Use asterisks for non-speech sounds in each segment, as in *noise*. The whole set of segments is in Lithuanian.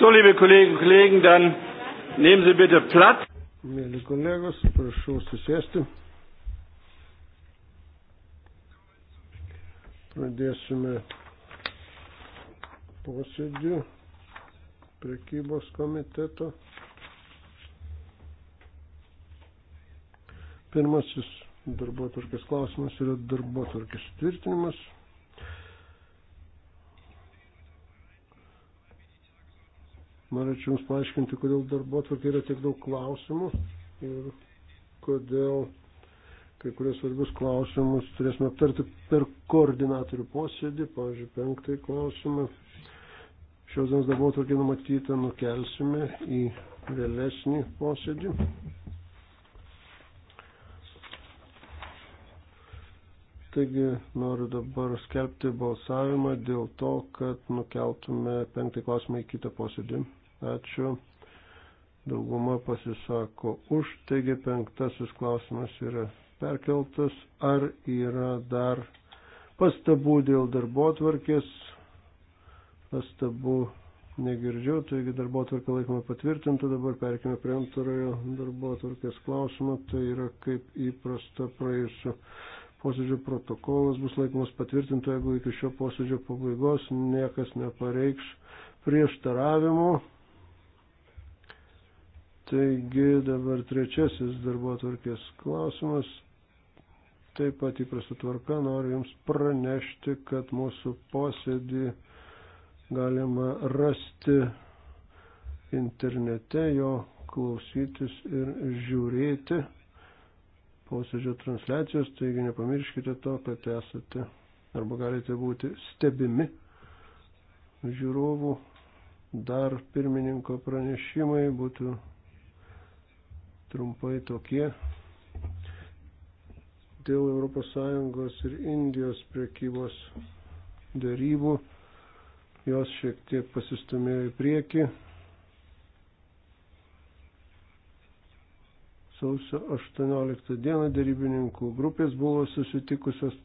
So, liebe Kolleginnen und Kollegen, dann nehmen Sie bitte Platz. Mėly kolegos, prašau susėsti. Pradėsime posėdį prekybos komiteto. Pirmasis darbo tvarkės klausimas yra darbo tvarkės tvirtinimas. Norėčiau Jums paaiškinti, kodėl darbo atvarkė yra tiek daug klausimų ir kodėl kai kurios svarbius klausimus turėsime aptarti per koordinatorių posėdį, pavyzdžiui, penktąjį klausimą. Šios dienos darbo atvarkė numatyta nukelsime į vėlesnį posėdį. Taigi noriu dabar skelbti balsavimą dėl to, kad nukeltume penktąjį klausimą į kitą posėdį. Ačiū. Dauguma pasisako už, taigi penktasis klausimas yra perkeltas. Ar yra dar pastabų dėl darbo tvarkės? Pastabų negirdžiu, taigi darbo tvarkę laikome patvirtintų. Dabar perkime prie antrojo darbo tvarkės klausimą. Tai yra kaip įprasta praėjusio posėdžio protokolas bus laikomas patvirtintų, jeigu iki šio posėdžio pabaigos niekas nepareikš prieštaravimų. Taigi dabar trečiasis darbo atvarkės klausimas. Taip pat įprasta tvarka noriu Jums pranešti, kad mūsų posėdį galima rasti internete, jo klausytis ir žiūrėti posėdžio transliacijos, taigi nepamirškite to, kad esate arba galite būti stebimi žiūrovų. Dar pirmininko pranešimai būtų trumpai tokie. Dėl ES ir Indijos priekybos darybų jos šiek tiek pasistumėjo į priekį. Sausio 18 dieną darybininkų grupės buvo susitikusios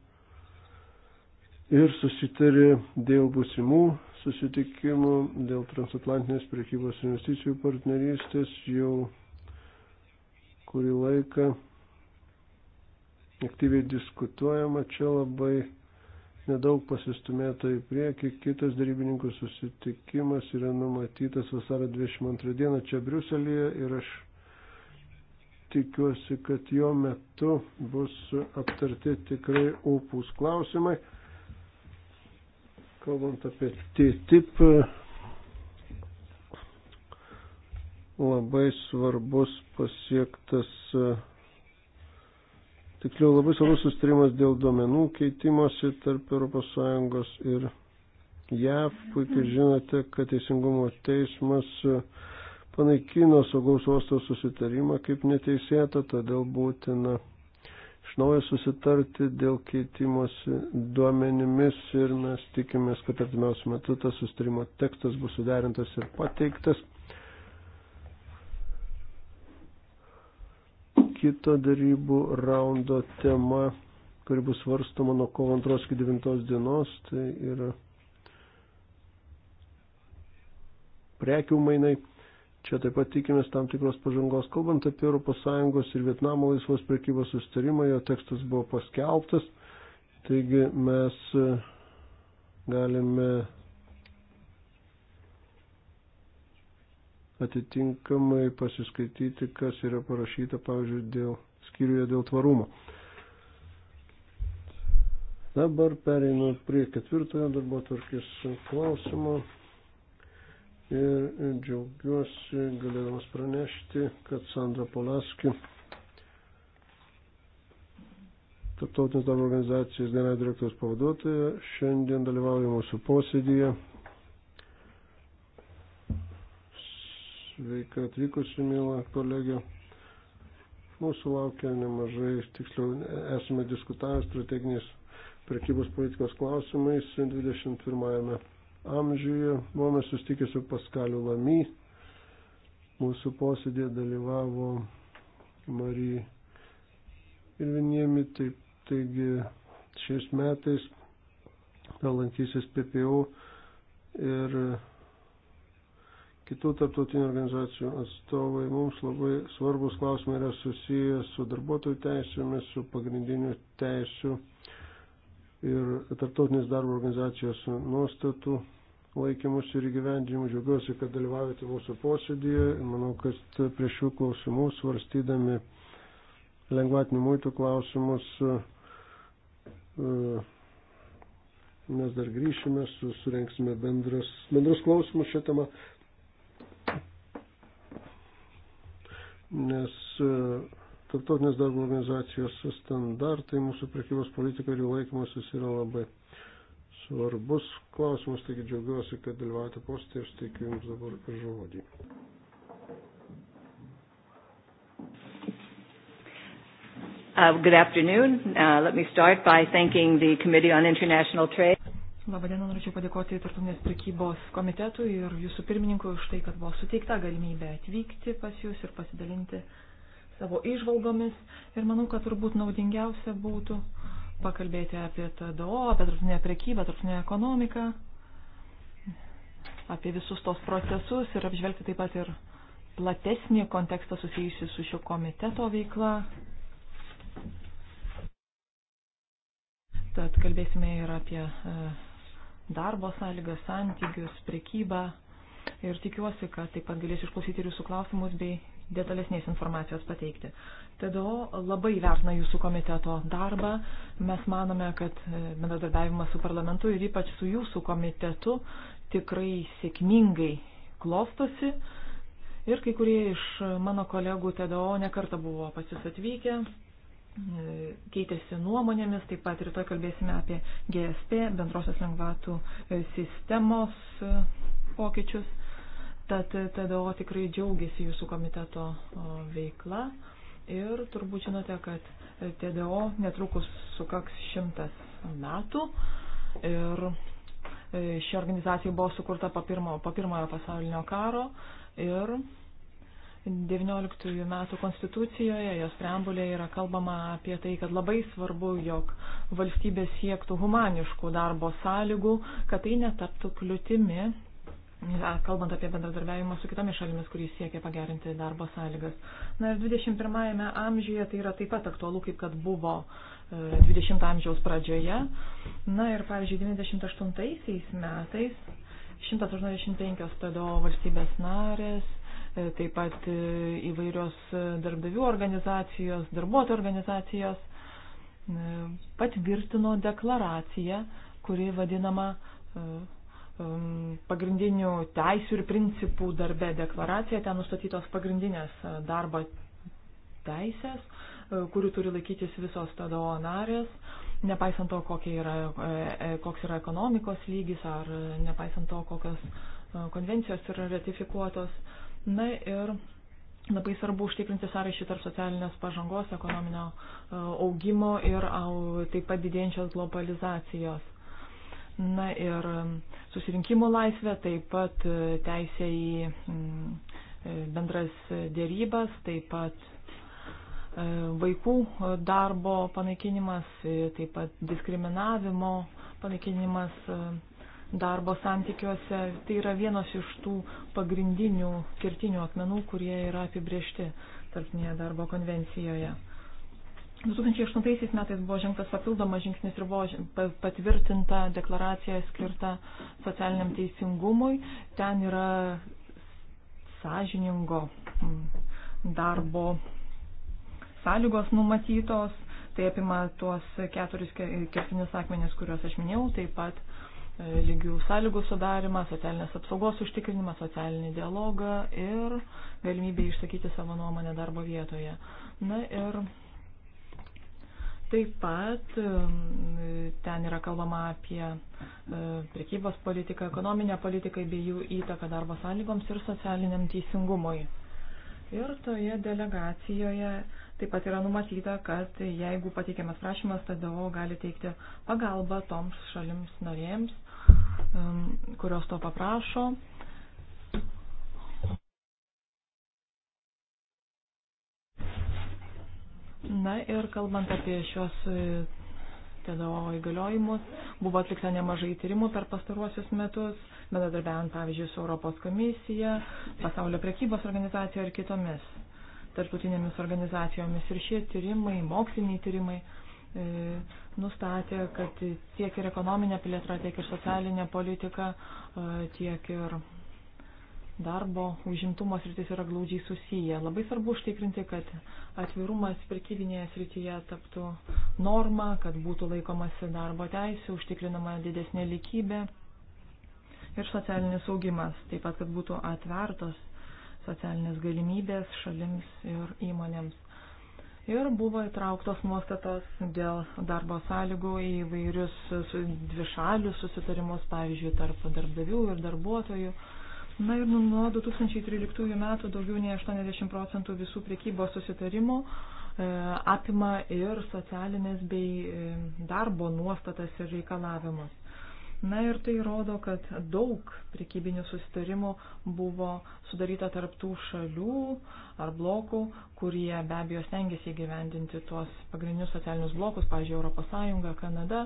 ir susitarė dėl būsimų susitikimų, dėl transatlantinės priekybos investicijų partnerystės jau kurį laiką aktyviai diskutuojama, čia labai nedaug pasistumėta į priekį. Kitas darybininkų susitikimas yra numatytas vasario 22 dieną čia Briuselėje ir aš tikiuosi, kad jo metu bus aptarti tikrai opus klausimai. Kalbant apie TTIP, labai svarbus pasiektas, e, tiksliau labai svarbus sustarimas dėl duomenų keitimosi tarp ES ir JAV. Puikiai žinote, kad Teisingumo teismas e, panaikino saugaus uosto susitarimą kaip neteisėtą, todėl būtina iš naujo susitarti dėl keitimosi duomenimis ir mes tikimės, kad artimiausiu metu tas sustarimo tekstas bus suderintas ir pateiktas. kito darybų raundo tema, kuri bus svarstoma nuo kovo 2 iki 9 dienos, tai yra prekių mainai. Čia taip pat tikimės tam tikros pažangos, kalbant apie ES ir Vietnamo laisvos prekybos sustarimą, jo tekstas buvo paskelbtas, taigi mes galime atitinkamai pasiskaityti, kas yra parašyta, pavyzdžiui, dėl skyriuje dėl tvarumo. Dabar pereinu prie ketvirtojo darbo tvarkės klausimo ir džiaugiuosi galėdamas pranešti, kad Sandra Polaski, Tarptautinės darbo organizacijos generalinio direktoriaus pavaduotoja, šiandien dalyvauja mūsų posėdėje sveika atvykusi, mėla kolegė. Mūsų laukia nemažai, tiksliau, esame diskutavę strateginės prekybos politikos klausimais 21 amžiuje. Buvome sustikę su Paskaliu Lamy. Mūsų posėdėje dalyvavo Marija ir vieniemi. Taip, taigi šiais metais lankysis PPO ir kitų tarptautinių organizacijų atstovai. Mums labai svarbus klausimai yra susijęs su darbuotojų teisėmis, su pagrindiniu teisų ir tarptautinės darbo organizacijos nuostatų laikymus ir įgyvendinimus. Džiaugiuosi, kad dalyvaujate mūsų posėdėje ir manau, kad prie šių klausimų svarstydami lengvatinių muitų klausimus e, mes dar grįšime, su, surenksime bendrus, bendrus klausimus šią temą. nes e, tarptautinės darbo organizacijos standartai mūsų prekybos politika ir jų laikymasis yra labai svarbus klausimas, taigi džiaugiuosi, kad dalyvaujate postė ir suteikiu Jums dabar žodį. Uh, good afternoon. Uh, let me start by thanking the Committee on International Trade. Labadiena, norėčiau padėkoti Tartunės prekybos komitetui ir jūsų pirmininkui už tai, kad buvo suteikta galimybė atvykti pas jūs ir pasidalinti savo išvalgomis. Ir manau, kad turbūt naudingiausia būtų pakalbėti apie TDO, apie tarptautinę prekybą, tarptautinę ekonomiką, apie visus tos procesus ir apžvelgti taip pat ir platesnį kontekstą susijusi su šio komiteto veikla. Tad kalbėsime ir apie uh, darbo sąlygas, santykius, prekybą. Ir tikiuosi, kad taip pat galėsiu išklausyti ir jūsų klausimus bei detalesnės informacijos pateikti. TDO labai vertina jūsų komiteto darbą. Mes manome, kad e, bendradarbiavimas su parlamentu ir ypač su jūsų komitetu tikrai sėkmingai klostosi. Ir kai kurie iš mano kolegų TDO nekarta buvo pas jūs atvykę. E, keitėsi nuomonėmis, taip pat rytoj kalbėsime apie GSP, bendrosios lengvatų e, sistemos e, pokyčius. Tad TDO tikrai džiaugiasi jūsų komiteto veikla ir turbūt žinote, kad TDO netrukus sukaks šimtas metų ir ši organizacija buvo sukurta po pirmojo, po pirmojo pasaulinio karo ir 19 metų konstitucijoje, jos preambulėje yra kalbama apie tai, kad labai svarbu, jog valstybė siektų humaniškų darbo sąlygų, kad tai netaptų kliūtimi, kalbant apie bendradarbiavimą su kitomis šalimis, kurį siekia pagerinti darbo sąlygas. Na ir 21 amžiuje tai yra taip pat aktualu, kaip kad buvo 20 e, amžiaus pradžioje. Na ir, pavyzdžiui, 98 metais 185 TDO valstybės narės E, taip pat e, įvairios e, darbdavių organizacijos, darbuotojų organizacijos patvirtino deklaraciją, kuri vadinama pagrindinių teisų ir principų darbe deklaracija, ten nustatytos pagrindinės darbo teisės, kurių turi laikytis visos TDO narės, nepaisant to, yra, koks yra ekonomikos lygis ar nepaisant to, kokios konvencijos yra ratifikuotos. Na ir labai svarbu užtikrinti sąryšį tarp socialinės pažangos, ekonominio e, augimo ir taip pat didėjančios globalizacijos. Na ir susirinkimų laisvė, taip pat e, teisė į e, bendras dėrybas, taip pat vaikų darbo panaikinimas, taip pat diskriminavimo panaikinimas darbo santykiuose. Tai yra vienas iš tų pagrindinių kertinių akmenų, kurie yra apibriešti tarptinėje darbo konvencijoje. 2008 metais buvo žengtas papildomas žingsnis ir buvo patvirtinta deklaracija skirta socialiniam teisingumui. Ten yra sąžiningo mm, darbo sąlygos numatytos, tai apima tuos keturis kertinius akmenis, kuriuos aš minėjau, taip pat E, lygių sąlygų sudarimas, socialinės apsaugos užtikrinimas, socialinį dialogą ir galimybė išsakyti savo nuomonę darbo vietoje. Na ir taip pat e, ten yra kalbama apie e, prekybos politiką, ekonominę politiką bei jų įtaką darbo sąlygoms ir socialiniam teisingumui. Ir toje delegacijoje Taip pat yra numatyta, kad jeigu pateikiamas prašymas, TDO gali teikti pagalbą toms šalims norėjams, Um, kurios to paprašo. Na ir kalbant apie šios e, TDO įgaliojimus, buvo atlikta nemažai tyrimų per pastaruosius metus, bendradarbiavant pavyzdžiui su Europos komisija, pasaulio prekybos organizacija ir kitomis tarptautinėmis organizacijomis. Ir šie tyrimai, moksliniai tyrimai, E, nustatė, kad tiek ir ekonominė plėtra, tiek ir socialinė politika, e, tiek ir darbo užimtumo sritis yra glaudžiai susiję. Labai svarbu užtikrinti, kad atvirumas prekybinėje srityje taptų norma, kad būtų laikomasi darbo teisų, užtikrinama didesnė lygybė ir socialinis augimas, taip pat, kad būtų atvertos socialinės galimybės šalims ir įmonėms ir buvo įtrauktos nuostatos dėl darbo sąlygų į vairius dvišalius susitarimus, pavyzdžiui, tarp darbdavių ir darbuotojų. Na ir nu, nuo 2013 metų daugiau nei 80 procentų visų prekybos susitarimų e, apima ir socialinės bei e, darbo nuostatas ir reikalavimus. Na ir tai rodo, kad daug prekybinių susitarimų buvo sudaryta tarptų šalių ar blokų, kurie be abejo stengiasi įgyvendinti tuos pagrindinius socialinius blokus, pavyzdžiui, ES, Kanada.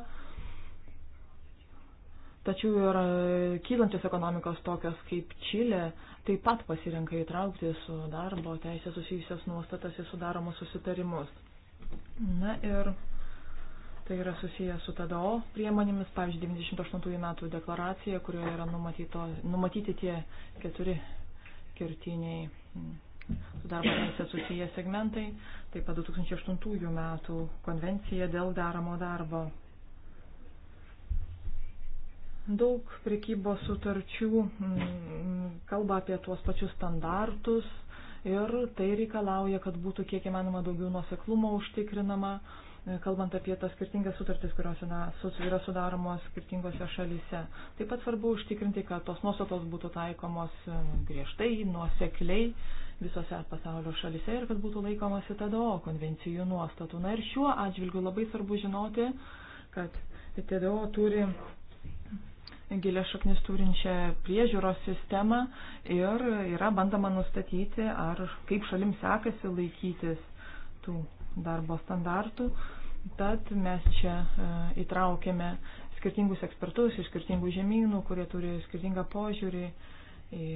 Tačiau ir e, kylančios ekonomikos tokios kaip Čilė taip pat pasirinka įtraukti su darbo teisė susijusios nuostatas į sudaromus susitarimus. Na ir Tai yra susijęs su TDO priemonėmis, pavyzdžiui, 98 metų deklaracija, kurioje yra numatyto, numatyti tie keturi kertiniai mm, su darbo teisė susiję segmentai, taip pat 2008 metų konvencija dėl daromo darbo. Daug prekybos sutarčių mm, kalba apie tuos pačius standartus ir tai reikalauja, kad būtų kiek įmanoma daugiau nuoseklumo užtikrinama E, kalbant apie tas skirtingas sutartis, kurios yra sudaromos skirtingose šalyse. Taip pat svarbu užtikrinti, kad tos nuostatos būtų taikomos e, griežtai, nuosekliai visose pasaulio šalyse ir kad būtų laikomasi TDO konvencijų nuostatų. Na ir šiuo atžvilgiu labai svarbu žinoti, kad TDO turi gilę šaknis turinčią priežiūros sistemą ir yra bandama nustatyti, ar kaip šalim sekasi laikytis tų darbo standartų, tad mes čia e, įtraukėme skirtingus ekspertus iš skirtingų žemynų, kurie turi skirtingą požiūrį į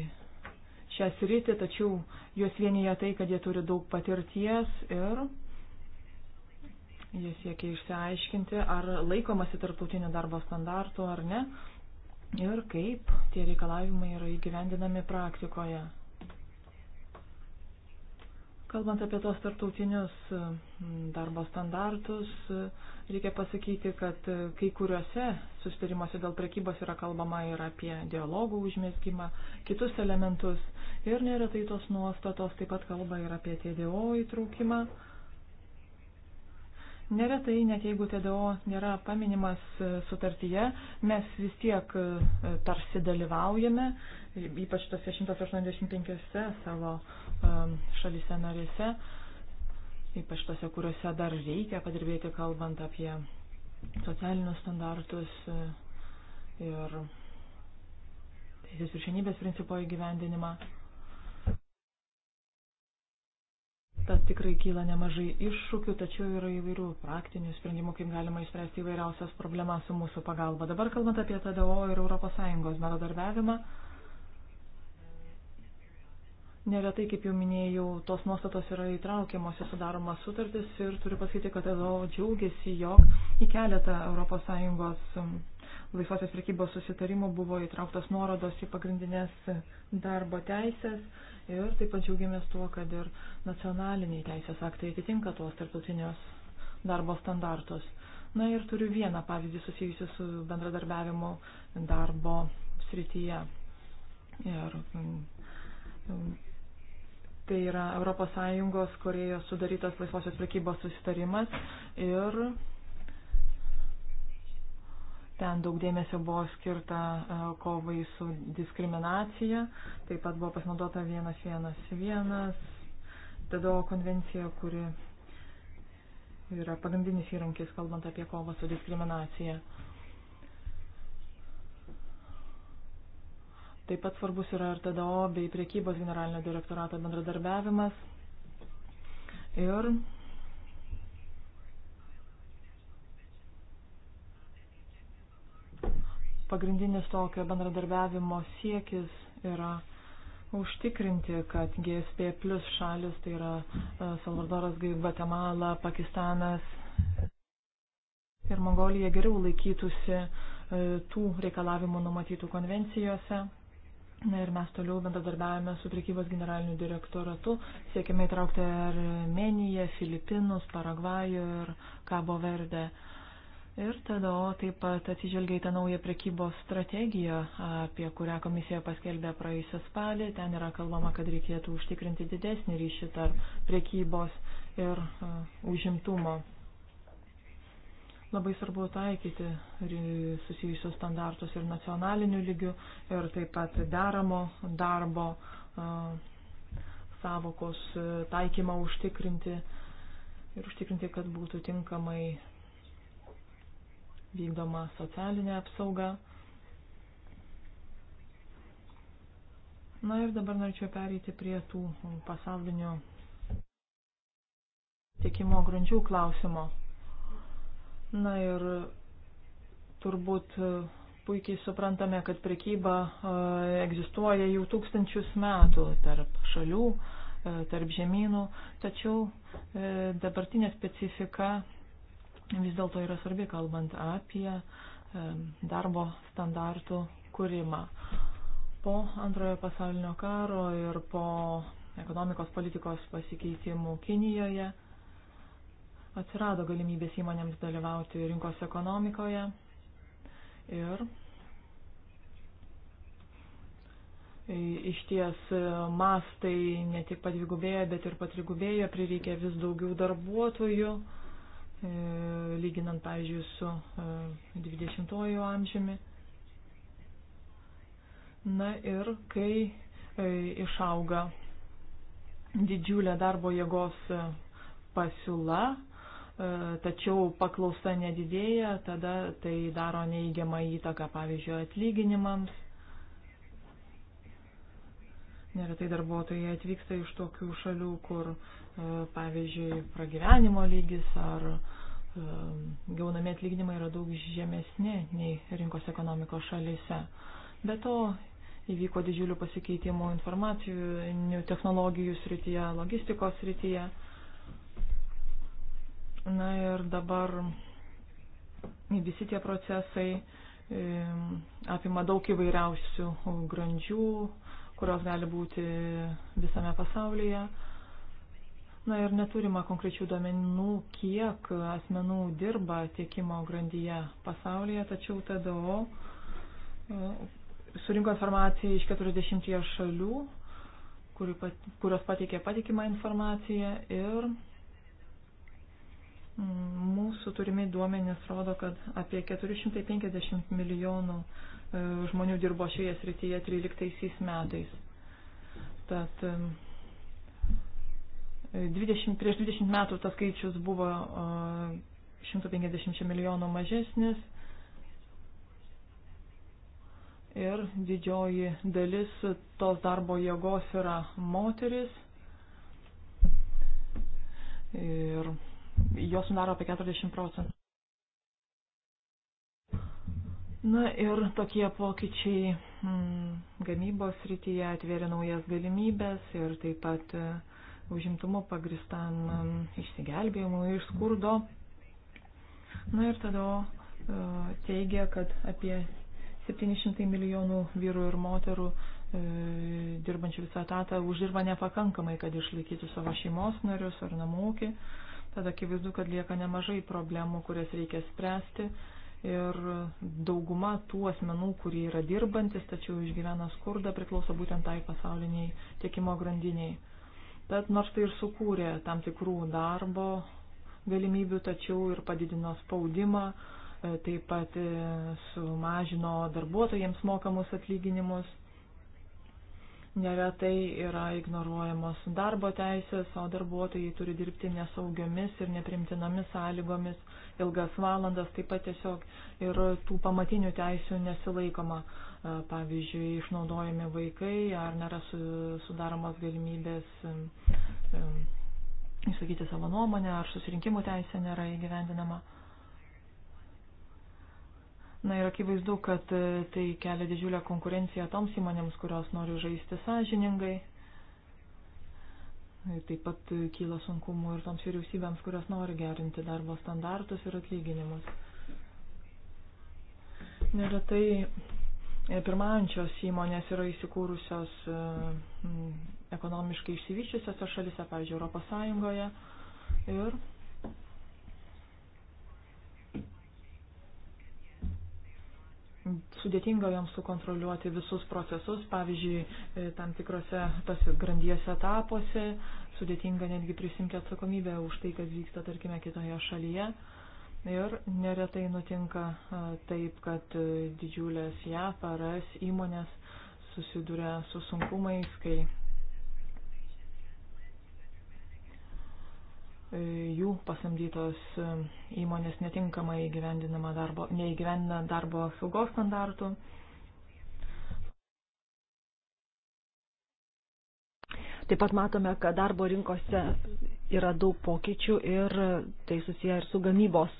šią sritį, tačiau juos vienyje tai, kad jie turi daug patirties ir jie siekia išsiaiškinti, ar laikomasi tarptautinio darbo standartų ar ne ir kaip tie reikalavimai yra įgyvendinami praktikoje. Kalbant apie tos tarptautinius mm, darbo standartus, reikia pasakyti, kad kai kuriuose sustarimuose dėl prekybos yra kalbama ir apie dialogų užmėsgymą, kitus elementus. Ir neretai tos nuostatos taip pat kalba ir apie TDO įtraukimą. Neretai, net jeigu TDO nėra paminimas sutartyje, mes vis tiek e, tarsi dalyvaujame, ypač tose 185 savo šalise narėse, ypač tose, kuriuose dar reikia padirbėti, kalbant apie socialinius standartus e, ir teisės viršenybės principo įgyvendinimą. Tad tikrai kyla nemažai iššūkių, tačiau yra įvairių praktinių sprendimų, kaip galima išspręsti įvairiausias problemas su mūsų pagalba. Dabar kalbant apie TDO ir ES bendradarbiavimą, Neretai, kaip jau minėjau, tos nuostatos yra įtraukiamos į sudaromas sutartis ir turiu pasakyti, kad ELO džiaugiasi, jog į keletą ES um, laisvosios prekybos susitarimų buvo įtrauktos nuorodos į pagrindinės darbo teisės ir taip pat džiaugiamės tuo, kad ir nacionaliniai teisės aktai atitinka tuos tarptautinius darbo standartus. Na ir turiu vieną pavyzdį susijusiu su bendradarbiavimu darbo srityje. Ir, mm, Tai yra ES Korejos sudarytas laisvosios prekybos susitarimas ir ten daug dėmesio buvo skirta e, kovai su diskriminacija, taip pat buvo pasinaudota 111, TDO konvencija, kuri yra pagrindinis įrankis, kalbant apie kovą su diskriminacija. Taip pat svarbus yra ir TDO bei priekybos generalinio direktorato bendradarbiavimas. Ir pagrindinis tokio bendradarbiavimo siekis yra užtikrinti, kad GSP plus šalis, tai yra e, Salvadoras, Gvatemala, Pakistanas ir Mongolija geriau laikytųsi e, tų reikalavimų numatytų konvencijose. Ir mes toliau bendradarbiavame su priekybos generaliniu direktoratu, siekime įtraukti Armeniją, Filipinus, Paragvajų ir Kabo Verdę. Ir tada taip pat atsižvelgia į tą naują prekybos strategiją, apie kurią komisija paskelbė praėjusią spalį. Ten yra kalbama, kad reikėtų užtikrinti didesnį ryšį tarp prekybos ir uh, užimtumo. Labai svarbu taikyti susijusios standartus ir nacionaliniu lygiu, ir taip pat deramo darbo savokos taikymą užtikrinti ir užtikrinti, kad būtų tinkamai vykdoma socialinė apsauga. Na ir dabar norėčiau pereiti prie tų pasaulinio tiekimo grandžių klausimo. Na ir e, turbūt e, puikiai suprantame, kad prekyba e, egzistuoja jau tūkstančius metų tarp šalių, tarp žemynų, tačiau dabartinė specifika vis dėlto yra svarbi, kalbant apie darbo standartų kūrimą. Po antrojo pasaulinio karo ir po ekonomikos politikos pasikeitimų Kinijoje atsirado galimybės įmonėms dalyvauti rinkos ekonomikoje ir iš ties e, mastai ne tik padvigubėjo, bet ir patrigubėjo, prireikė vis daugiau darbuotojų, e, lyginant, pavyzdžiui, su 20-ojo e, amžiumi. Na ir kai išauga didžiulė darbo jėgos pasiūla, tačiau paklausa nedidėja, tada tai daro neįgiamą įtaką, pavyzdžiui, atlyginimams. Neretai darbuotojai atvyksta iš tokių šalių, kur, e, pavyzdžiui, pragyvenimo lygis ar e, gaunami atlyginimai yra daug žemesni nei rinkos ekonomikos šalyse. Be to, įvyko didžiulių pasikeitimų informacijų, technologijų srityje, logistikos srityje. Na ir dabar visi tie procesai apima daug įvairiausių grandžių, kurios gali būti visame pasaulyje. Na ir neturima konkrečių duomenų, kiek asmenų dirba tiekimo grandyje pasaulyje, tačiau TDO e, surinko informaciją iš 40 šalių, kurios pateikė patikimą informaciją ir Mūsų turimi duomenys rodo, kad apie 450 milijonų e, žmonių dirbo šioje srityje 13 metais. Tad 20, e, prieš 20 metų tas skaičius buvo 150 e, milijonų mažesnis ir didžioji dalis tos darbo jėgos yra moteris. Ir jos sudaro apie 40 procentų. Na ir tokie pokyčiai mm, gamybos rytyje atvėrė naujas galimybės ir taip pat e, užimtumo pagristam mm, išsigelbėjimui iš skurdo. Na ir tada e, teigia, kad apie 700 milijonų vyrų ir moterų e, dirbančių visą etatą uždirba nepakankamai, kad išlaikytų savo šeimos narius ar namų ūkį. E, tad akivaizdu, kad lieka nemažai problemų, kurias reikia spręsti. Ir dauguma tų asmenų, kurie yra dirbantis, tačiau išgyvena skurdą, priklauso būtent tai pasauliniai tiekimo grandiniai. Tad nors tai ir sukūrė tam tikrų darbo galimybių, tačiau ir padidino spaudimą, e, taip pat e, sumažino darbuotojams mokamus atlyginimus neretai yra ignoruojamos darbo teisės, o darbuotojai turi dirbti nesaugiomis ir neprimtinomis sąlygomis ilgas valandas, taip pat tiesiog ir tų pamatinių teisių nesilaikoma. E, pavyzdžiui, išnaudojami vaikai ar nėra sudaromos galimybės išsakyti savo nuomonę, ar susirinkimų teisė nėra įgyvendinama. Na ir akivaizdu, kad e, tai kelia didžiulę konkurenciją toms įmonėms, kurios nori žaisti sąžiningai. Taip pat e, kyla sunkumų ir toms vyriausybėms, kurios nori gerinti darbo standartus ir atlyginimus. Neretai e, pirmaujančios įmonės yra įsikūrusios ekonomiškai išsivyščiusiose šalise, pavyzdžiui, Europos Sąjungoje. Ir sudėtinga joms sukontroliuoti visus procesus, pavyzdžiui, e, tam tikrose tos grandies etapuose, sudėtinga netgi prisimti atsakomybę už tai, kas vyksta, tarkime, kitoje šalyje. Ir neretai nutinka e, taip, kad e, didžiulės JAF ar ES įmonės susiduria su sunkumais, kai E, jų pasamdytos e, įmonės netinkamai įgyvendinama darbo, neįgyvendina darbo saugos standartų. Taip pat matome, kad darbo rinkose yra daug pokyčių ir tai susiję ir su gamybos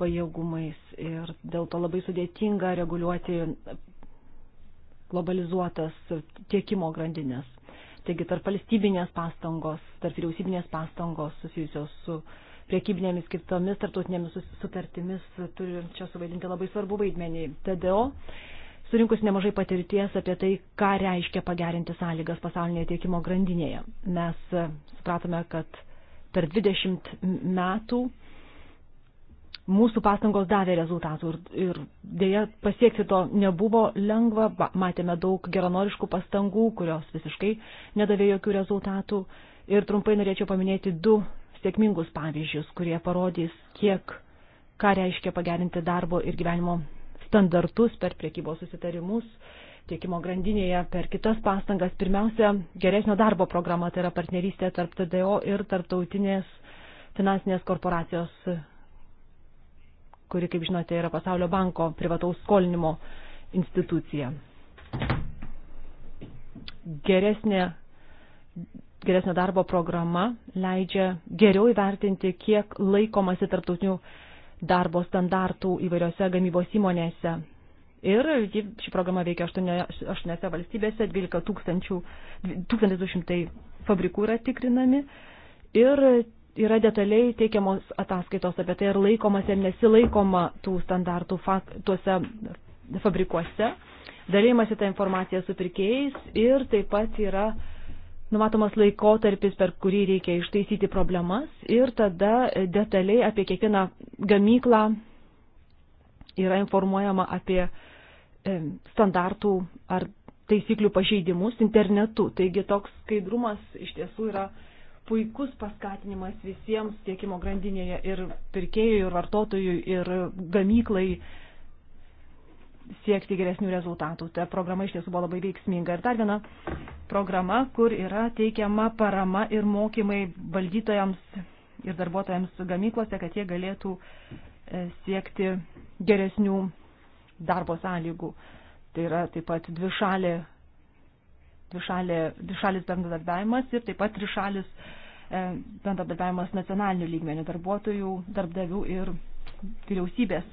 pajėgumais. Ir dėl to labai sudėtinga reguliuoti globalizuotas tiekimo grandinės. Taigi tarp valstybinės pastangos, tarp vyriausybinės pastangos susijusios su priekybinėmis kitomis tarptautinėmis sutartimis turi čia suvaidinti labai svarbu vaidmenį. TDO surinkus nemažai patirties apie tai, ką reiškia pagerinti sąlygas pasaulinėje tiekimo grandinėje. Mes supratome, kad per 20 metų mūsų pastangos davė rezultatų ir, ir dėja pasiekti to nebuvo lengva, matėme daug geranoriškų pastangų, kurios visiškai nedavė jokių rezultatų ir trumpai norėčiau paminėti du sėkmingus pavyzdžius, kurie parodys, kiek ką reiškia pagerinti darbo ir gyvenimo standartus per priekybos susitarimus, tiekimo grandinėje, per kitas pastangas. Pirmiausia, geresnio darbo programa, tai yra partnerystė tarp TDO ir tarptautinės finansinės korporacijos kuri, kaip žinote, yra Pasaulio banko privataus skolinimo institucija. Geresnė, geresnė darbo programa leidžia geriau įvertinti, kiek laikomasi tarptautinių darbo standartų įvairiose gamybos įmonėse. Ir ši programa veikia 8, 8 valstybėse, 12 tūkstančių, 1200 fabrikų yra tikrinami. Ir yra detaliai teikiamos ataskaitos apie tai, ar laikomas ir nesilaikoma tų standartų fak, tuose fabrikuose, dalymasi tą informaciją su pirkėjais ir taip pat yra numatomas laikotarpis, per kurį reikia ištaisyti problemas ir tada detaliai apie kiekvieną gamyklą yra informuojama apie e, standartų ar taisyklių pažeidimus internetu. Taigi toks skaidrumas iš tiesų yra puikus paskatinimas visiems tiekimo grandinėje ir pirkėjui, ir vartotojui, ir gamyklai siekti geresnių rezultatų. Ta programa iš tiesų buvo labai veiksminga. Ir dar viena programa, kur yra teikiama parama ir mokymai valdytojams ir darbuotojams gamyklose, kad jie galėtų e, siekti geresnių darbo sąlygų. Tai yra taip pat dvišalė dvišalis bendradarbiavimas ir taip pat trišalis e, bendradarbiavimas nacionalinių lygmenių darbuotojų, darbdavių ir vyriausybės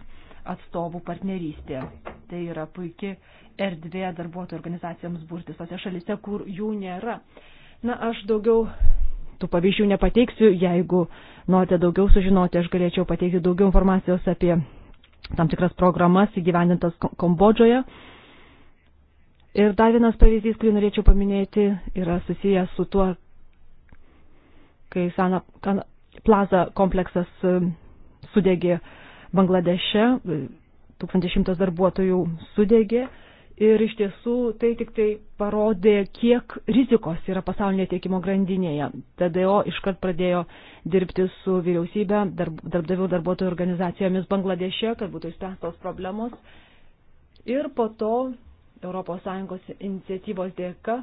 atstovų partnerystė. Tai yra puikia erdvė darbuotojų organizacijoms burtis tose šalise, kur jų nėra. Na, aš daugiau tų pavyzdžių nepateiksiu, jeigu norite daugiau sužinoti, aš galėčiau pateikti daugiau informacijos apie tam tikras programas įgyvendintas Kambodžoje. Kom Ir dar vienas pavyzdys, kurį norėčiau paminėti, yra susijęs su tuo, kai Sana kan, Plaza kompleksas um, sudegė Bangladeše, 1100 darbuotojų sudegė. Ir iš tiesų tai tik tai parodė, kiek rizikos yra pasaulinėje tiekimo grandinėje. TDO iškart pradėjo dirbti su vyriausybė, darb, darbdavių darbuotojų organizacijomis Bangladeše, kad būtų išspręstos problemos. Ir po to ES iniciatyvos dėka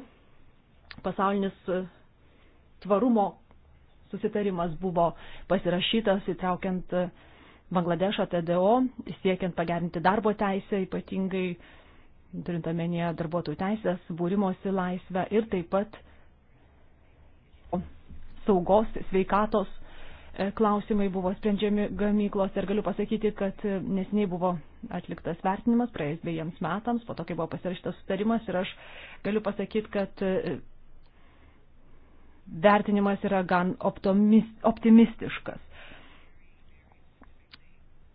pasaulinis e, tvarumo susitarimas buvo pasirašytas įtraukiant e, Bangladešą TDO, siekiant pagerinti darbo teisę, ypatingai turint omenyje darbuotojų teisės, būrimosi laisvę ir taip pat saugos, sveikatos E, klausimai buvo sprendžiami gamyklos ir galiu pasakyti, kad e, nesiniai buvo atliktas vertinimas praėjus dviejams metams, po to, kai buvo pasirašytas sutarimas ir aš galiu pasakyti, kad e, vertinimas yra gan optimistiškas.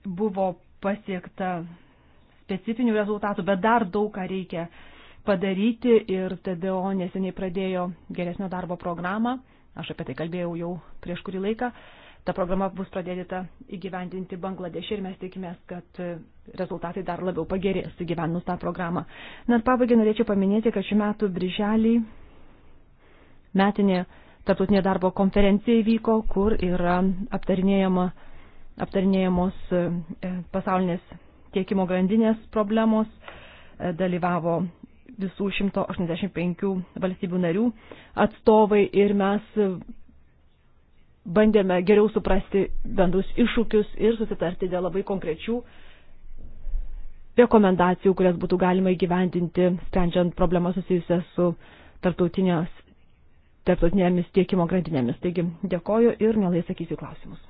Buvo pasiekta specifinių rezultatų, bet dar daug ką reikia padaryti ir TDO neseniai pradėjo geresnio darbo programą, aš apie tai kalbėjau jau prieš kurį laiką, ta programa bus pradėta įgyvendinti Bangladešė ir mes tikimės, kad e, rezultatai dar labiau pagerės įgyvendinus tą programą. Na ir pabaigai norėčiau paminėti, kad šių metų brželį metinė tarptautinė darbo konferencija įvyko, kur yra aptarinėjama, aptarinėjamos e, e, pasaulinės tiekimo grandinės problemos, dalyvavo visų 185 valstybių narių atstovai ir mes bandėme geriau suprasti bendrus iššūkius ir susitarti dėl labai konkrečių rekomendacijų, kurias būtų galima įgyvendinti, sprendžiant problemas susijusias su tarptautinės, tarptautinėmis tiekimo grandinėmis. Taigi dėkoju ir mielai sakysiu klausimus.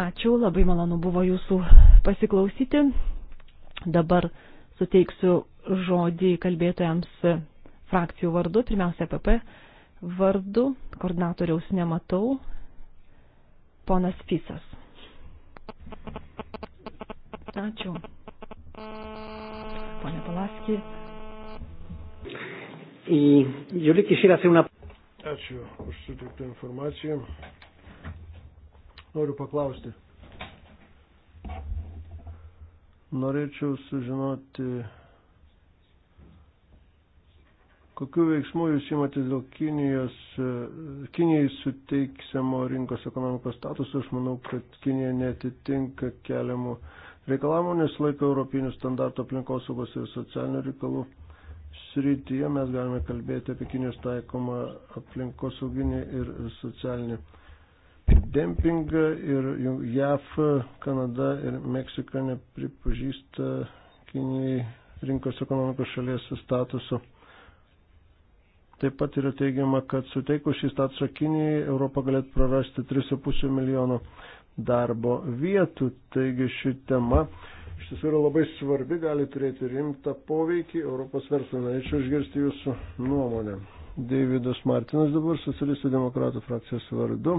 Ačiū, labai malonu buvo jūsų pasiklausyti. Dabar suteiksiu žodį kalbėtojams frakcijų vardu, pirmiausia PP e vardu, koordinatoriaus nematau, ponas Fisas. Ačiū. Pone Palaski. Ačiū už sutiktą informaciją. Noriu paklausti. Norėčiau sužinoti Kokiu veiksmu jūs įmatės dėl Kinijos, e, Kinijai suteiksimo rinkos ekonomikos statuso? Aš manau, kad Kinija netitinka keliamų reikalavimų, nes laiko europinių standartų aplinkosaugos ir socialinių reikalų srityje mes galime kalbėti apie Kinijos taikomą aplinkosauginį ir socialinį dempingą ir JAF, Kanada ir Meksika nepripažįsta Kinijai rinkos ekonomikos šalies statuso Taip pat yra teigiama, kad suteikus šį statusą Kinijai, Europą galėtų prarasti 3,5 milijono darbo vietų. Taigi ši tema iš tiesų yra labai svarbi, gali turėti rimtą poveikį Europos verslui. Norėčiau išgirsti jūsų nuomonę. Davidas Martinas dabar, socialistų demokratų frakcijos vardu.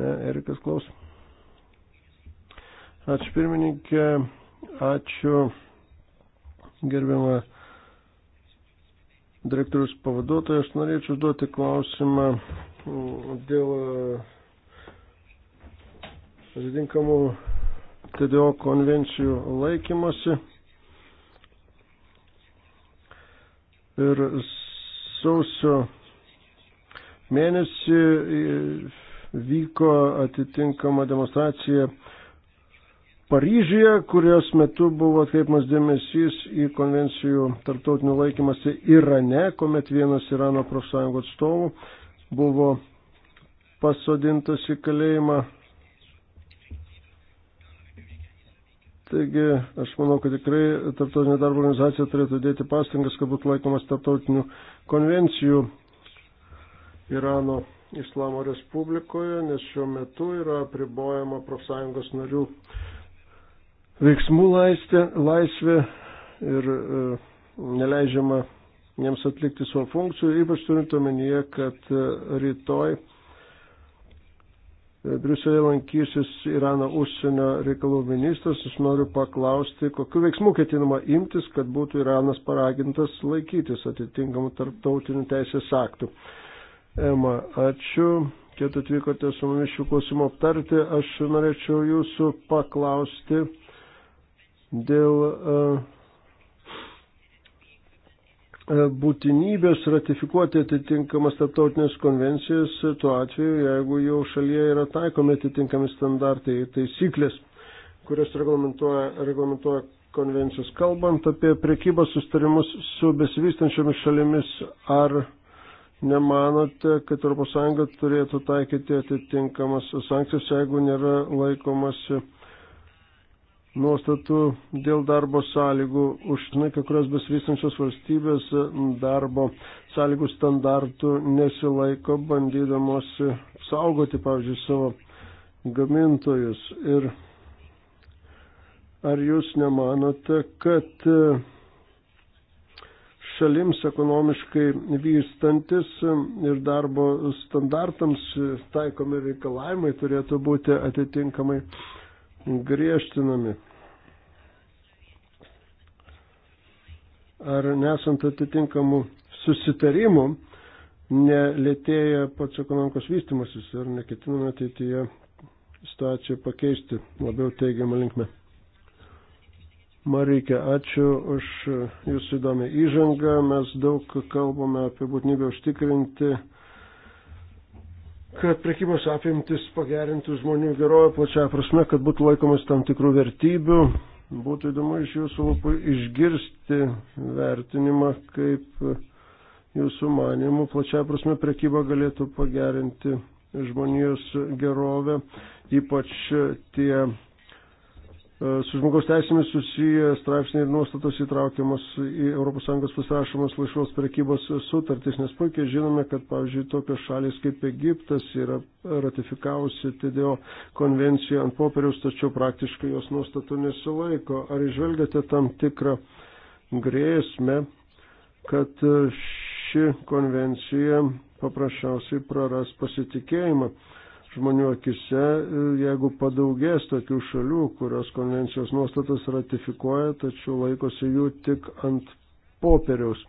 Ne, Erikas klaus. Ačiū pirmininkė, ačiū gerbiamą direktorius pavaduotoja, aš norėčiau duoti klausimą mm, dėl e, atitinkamų TDO konvencijų laikymosi ir sausio mėnesį e, vyko atitinkama demonstracija Paryžiuje, kurios metu buvo atkreipimas dėmesys į konvencijų tarptautinių laikymasi Irane, kuomet vienas Irano profsąjungų atstovų buvo pasodintas į kalėjimą. Taigi, aš manau, kad tikrai tarptautinė darbo organizacija turėtų dėti pastangas, kad būtų laikomas tarptautinių konvencijų Irano Islamo Respublikoje, nes šiuo metu yra pribojama profsąjungos narių veiksmų laisvė, laisvė ir e, neleidžiama jiems atlikti savo funkcijų, ypač turint omenyje, kad e, rytoj e, Briuselėje lankysis Irano užsienio reikalų ministras. Aš noriu paklausti, kokiu veiksmu ketinama imtis, kad būtų Iranas paragintas laikytis atitinkamų tarptautinių teisės aktų. Ema, ačiū, kad atvykote su mumis šių klausimų aptarti. Aš norėčiau jūsų paklausti dėl e, e, būtinybės ratifikuoti atitinkamas tarptautinės konvencijas tuo atveju, jeigu jau šalyje yra taikomi atitinkami standartai ir taisyklės, kurias reglamentuoja, reglamentuoja konvencijos. Kalbant apie priekybos sustarimus su besivystančiomis šalimis, ar nemanote, kad ES turėtų taikyti atitinkamas sankcijas, jeigu nėra laikomasi nuostatų dėl darbo sąlygų užtikrina kai kurios besivystančios valstybės darbo sąlygų standartų nesilaiko, bandydamos saugoti, pavyzdžiui, savo gamintojus. Ir ar jūs nemanote, kad e, šalims ekonomiškai vystantis e, ir darbo standartams taikomi reikalavimai turėtų būti atitinkamai griežtinami. ar nesant atitinkamų susitarimų, nelėtėja pats ekonomikos vystimasis ir neketiname ateityje situaciją pakeisti labiau teigiamą linkmę. Marykė, ačiū už jūsų įdomią įžangą. Mes daug kalbame apie būtinybę užtikrinti, kad prekybos apimtis pagerintų žmonių gerovę plačia prasme, kad būtų laikomas tam tikrų vertybių, Būtų įdomu iš jūsų lūpų išgirsti vertinimą, kaip jūsų manimų plačia prasme prekyba galėtų pagerinti žmonijos gerovę, ypač tie E, su žmogaus teisėmis susiję straipsniai ir nuostatos įtraukiamos į ES pasirašomas laisvos prekybos sutartys, nes puikiai žinome, kad, pavyzdžiui, tokios šalis kaip Egiptas yra ratifikavusi TDO konvenciją ant popieriaus, tačiau praktiškai jos nuostatų nesilaiko. Ar išvelgiate tam tikrą grėsmę, kad ši konvencija paprasčiausiai praras pasitikėjimą? žmonių akise, e, jeigu padaugės tokių šalių, kurios konvencijos nuostatas ratifikuoja, tačiau laikosi jų tik ant popieriaus.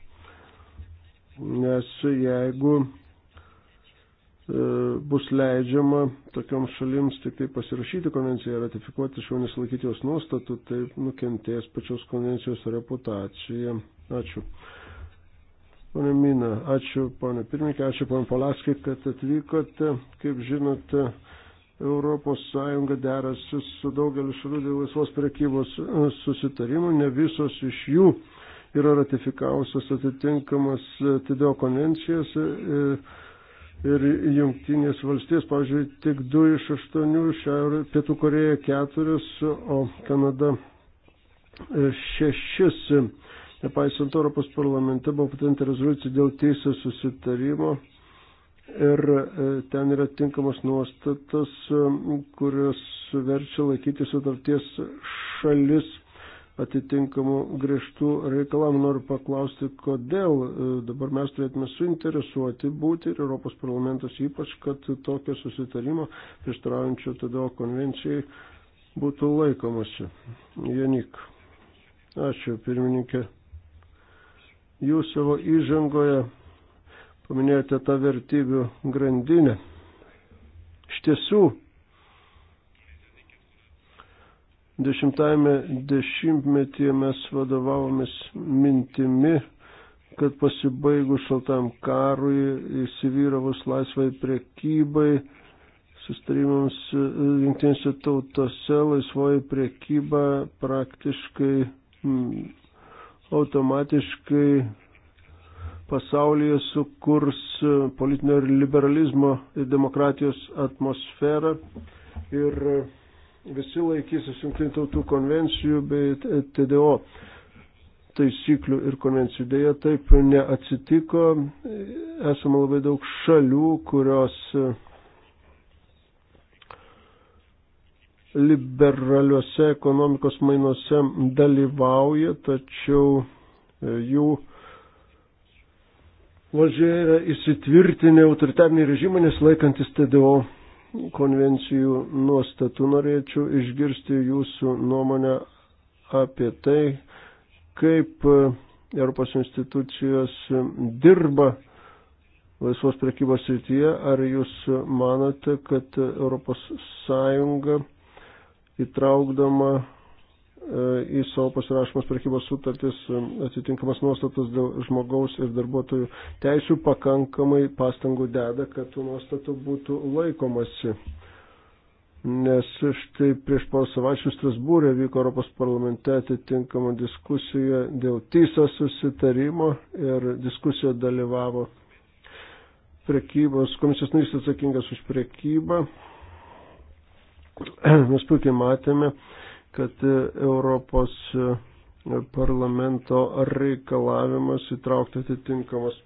Nes jeigu e, bus leidžiama tokioms šalims tik tai pasirašyti konvenciją, ratifikuoti, tačiau nesilaikyti jos nuostatų, tai nukentės pačios konvencijos reputacija. Ačiū. Pone Mina, ačiū, pone pirmininkė, ačiū, pone Palaskai, kad atvykote. Kaip žinote, ES derasi su daugeliu šalių dėl laisvos prekybos e, susitarimų, ne visos iš jų yra ratifikavusios atitinkamas e, TDO konvencijas e, ir jungtinės valstijos, pavyzdžiui, tik 2 iš 8, šiaurė, Pietų Koreja 4, o Kanada 6 Nepaisant Europos parlamente buvo patvirtinta rezoliucija dėl teisės susitarimo ir e, ten yra tinkamos nuostatas, e, kurios verčia laikyti sutarties šalis atitinkamų griežtų reikalavimų. Noriu paklausti, kodėl e, dabar mes turėtume suinteresuoti būti ir Europos parlamentas ypač, kad tokio susitarimo prieštaraujančio TDO konvencijai būtų laikomasi. Janik. Ačiū, pirmininkė. Jūs savo įžangoje paminėjote tą vertybių grandinę. Iš tiesų, dešimtajame dešimtmetyje mes vadovavomės mintimi, kad pasibaigus šaltam karui, įsivyravus laisvai priekybai, sustarimams e, jungtinėse tautose laisvoji priekyba praktiškai automatiškai pasaulyje sukurs politinio liberalizmo ir demokratijos atmosferą ir visi laikysis jungtinių tautų konvencijų bei TDO taisyklių ir konvencijų. Deja, taip neatsitiko. Esame labai daug šalių, kurios liberaliuose ekonomikos mainuose dalyvauja, tačiau e, jų valdžia yra įsitvirtinę autoritarnį režimą, nes laikantis TDO konvencijų nuostatų norėčiau išgirsti jūsų nuomonę apie tai, kaip e, Europos institucijos dirba laisvos prekybos srityje, ar jūs manote, kad Europos Sąjunga įtraukdama e, į savo pasirašymas prekybos sutartis e, atitinkamas nuostatas dėl žmogaus ir darbuotojų teisių pakankamai pastangų deda, kad tų nuostatų būtų laikomasi. Nes štai prieš porą savaičių Strasbūrė vyko Europos parlamente atitinkama diskusija dėl TISA susitarimo ir diskusijoje dalyvavo prekybos, komisijos narys atsakingas už prekybą *clears throat* Mes puikiai matėme, kad e, Europos e, parlamento reikalavimas įtraukti atitinkamas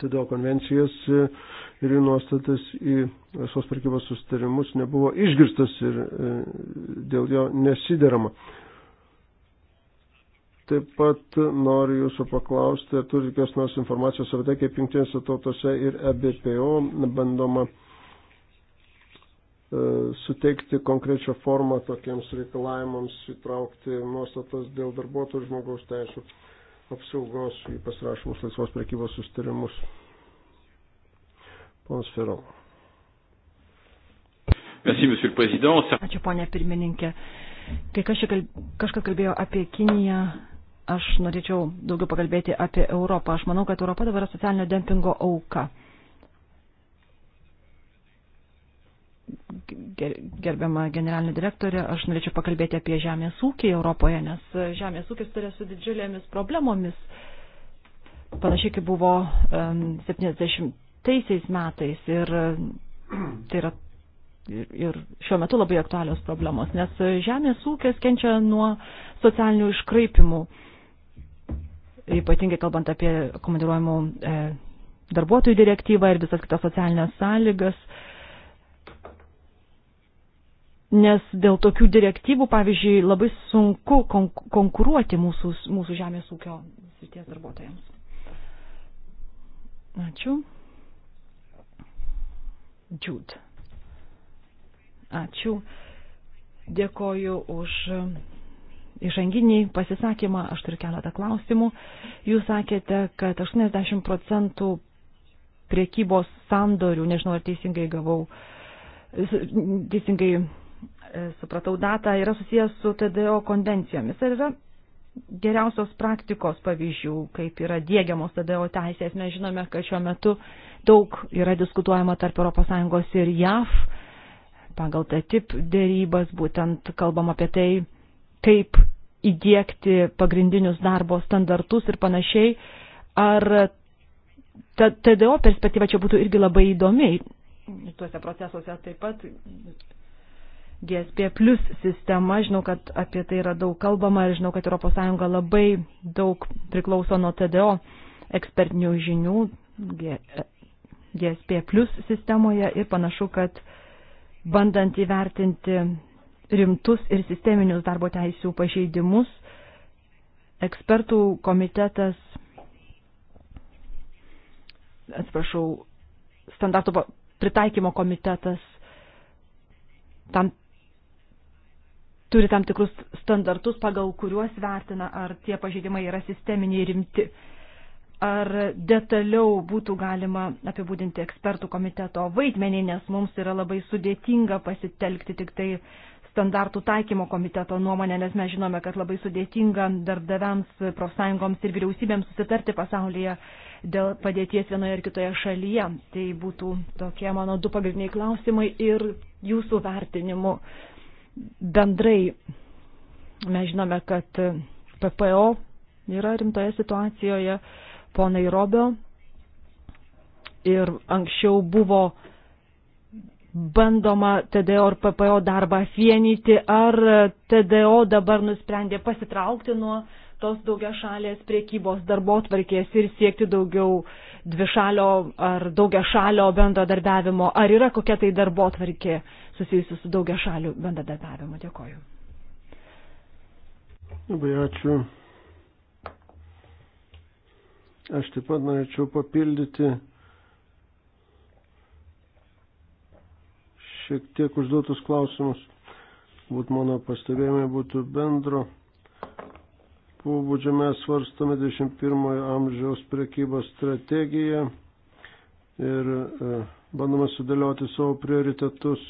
TDO konvencijas e, ir jų nuostatas į visos prekybos sustarimus nebuvo išgirstas ir dėl jo nesiderama. Taip pat noriu jūsų paklausti, ar turite kokios nors informacijos apie tai, kaip jungtinėse tautose ir EBPO bandoma uh, E, suteikti konkrečią formą tokiems reikalavimams, įtraukti nuostatas dėl darbuotojų žmogaus teisų apsaugos į pasirašymus laisvos prekybos sustarimus. Pons Ferol. Ačiū, ponė pirmininkė. Kai kažkas kalbėjo apie Kiniją, aš norėčiau daugiau pakalbėti apie Europą. Aš manau, kad Europa dabar yra socialinio dempingo auka. OK gerbiama generalinė direktorė, aš norėčiau pakalbėti apie žemės ūkį Europoje, nes žemės ūkis turi su didžiulėmis problemomis, panašiai kaip buvo 70-aisiais metais ir tai yra ir, ir šiuo metu labai aktualios problemos, nes žemės ūkis kenčia nuo socialinių iškraipimų, ypatingai kalbant apie komandiruojimų e, darbuotojų direktyvą ir visas kitas socialinės sąlygas nes dėl tokių direktyvų, pavyzdžiui, labai sunku konkuruoti mūsų, mūsų žemės ūkio srities darbuotojams. Ačiū. Džiūd. Ačiū. Dėkoju už išanginį pasisakymą. Aš turiu keletą klausimų. Jūs sakėte, kad 80 procentų priekybos sandorių, nežinau ar teisingai gavau, teisingai E, supratau datą, yra susijęs su TDO konvencijomis. Ar yra geriausios praktikos pavyzdžių, kaip yra dėgiamos TDO teisės? Mes žinome, kad šiuo metu daug yra diskutuojama tarp ES ir JAV pagal TTIP dėrybas, būtent kalbam apie tai, kaip įdėkti pagrindinius darbo standartus ir panašiai. Ar TDO perspektyva čia būtų irgi labai įdomi tuose procesuose taip pat GSP plus sistema. Žinau, kad apie tai yra daug kalbama ir žinau, kad ES labai daug priklauso nuo TDO ekspertinių žinių GSP plus sistemoje ir panašu, kad bandant įvertinti rimtus ir sisteminius darbo teisų pažeidimus, ekspertų komitetas, atsiprašau, standartų pritaikymo komitetas tam turi tam tikrus standartus, pagal kuriuos vertina, ar tie pažeidimai yra sisteminiai rimti. Ar detaliau būtų galima apibūdinti ekspertų komiteto vaidmenį, nes mums yra labai sudėtinga pasitelkti tik tai standartų taikymo komiteto nuomonę, nes mes žinome, kad labai sudėtinga darbdaviams, profsąjungoms ir vyriausybėms susitarti pasaulyje dėl padėties vienoje ar kitoje šalyje. Tai būtų tokie mano du pagrindiniai klausimai ir jūsų vertinimu Bendrai mes žinome, kad PPO yra rimtoje situacijoje, ponai Robio ir anksčiau buvo bandoma TDO ir PPO darbą vienyti, ar TDO dabar nusprendė pasitraukti nuo tos daugia šalės priekybos darbo tvarkės ir siekti daugiau dvišalio ar daugia šalio bendradarbiavimo, ar yra kokia tai darbo tvarkė. Uh, susijusių su daugia šalių bendradarbiavimu. Dėkoju. Labai ačiū. Aš taip pat norėčiau papildyti šiek tiek užduotus klausimus. Būt mano pastebėjimai būtų bendro pobūdžio mes svarstome 21 amžiaus prekybos strategiją ir e, bandoma sudėlioti savo prioritetus.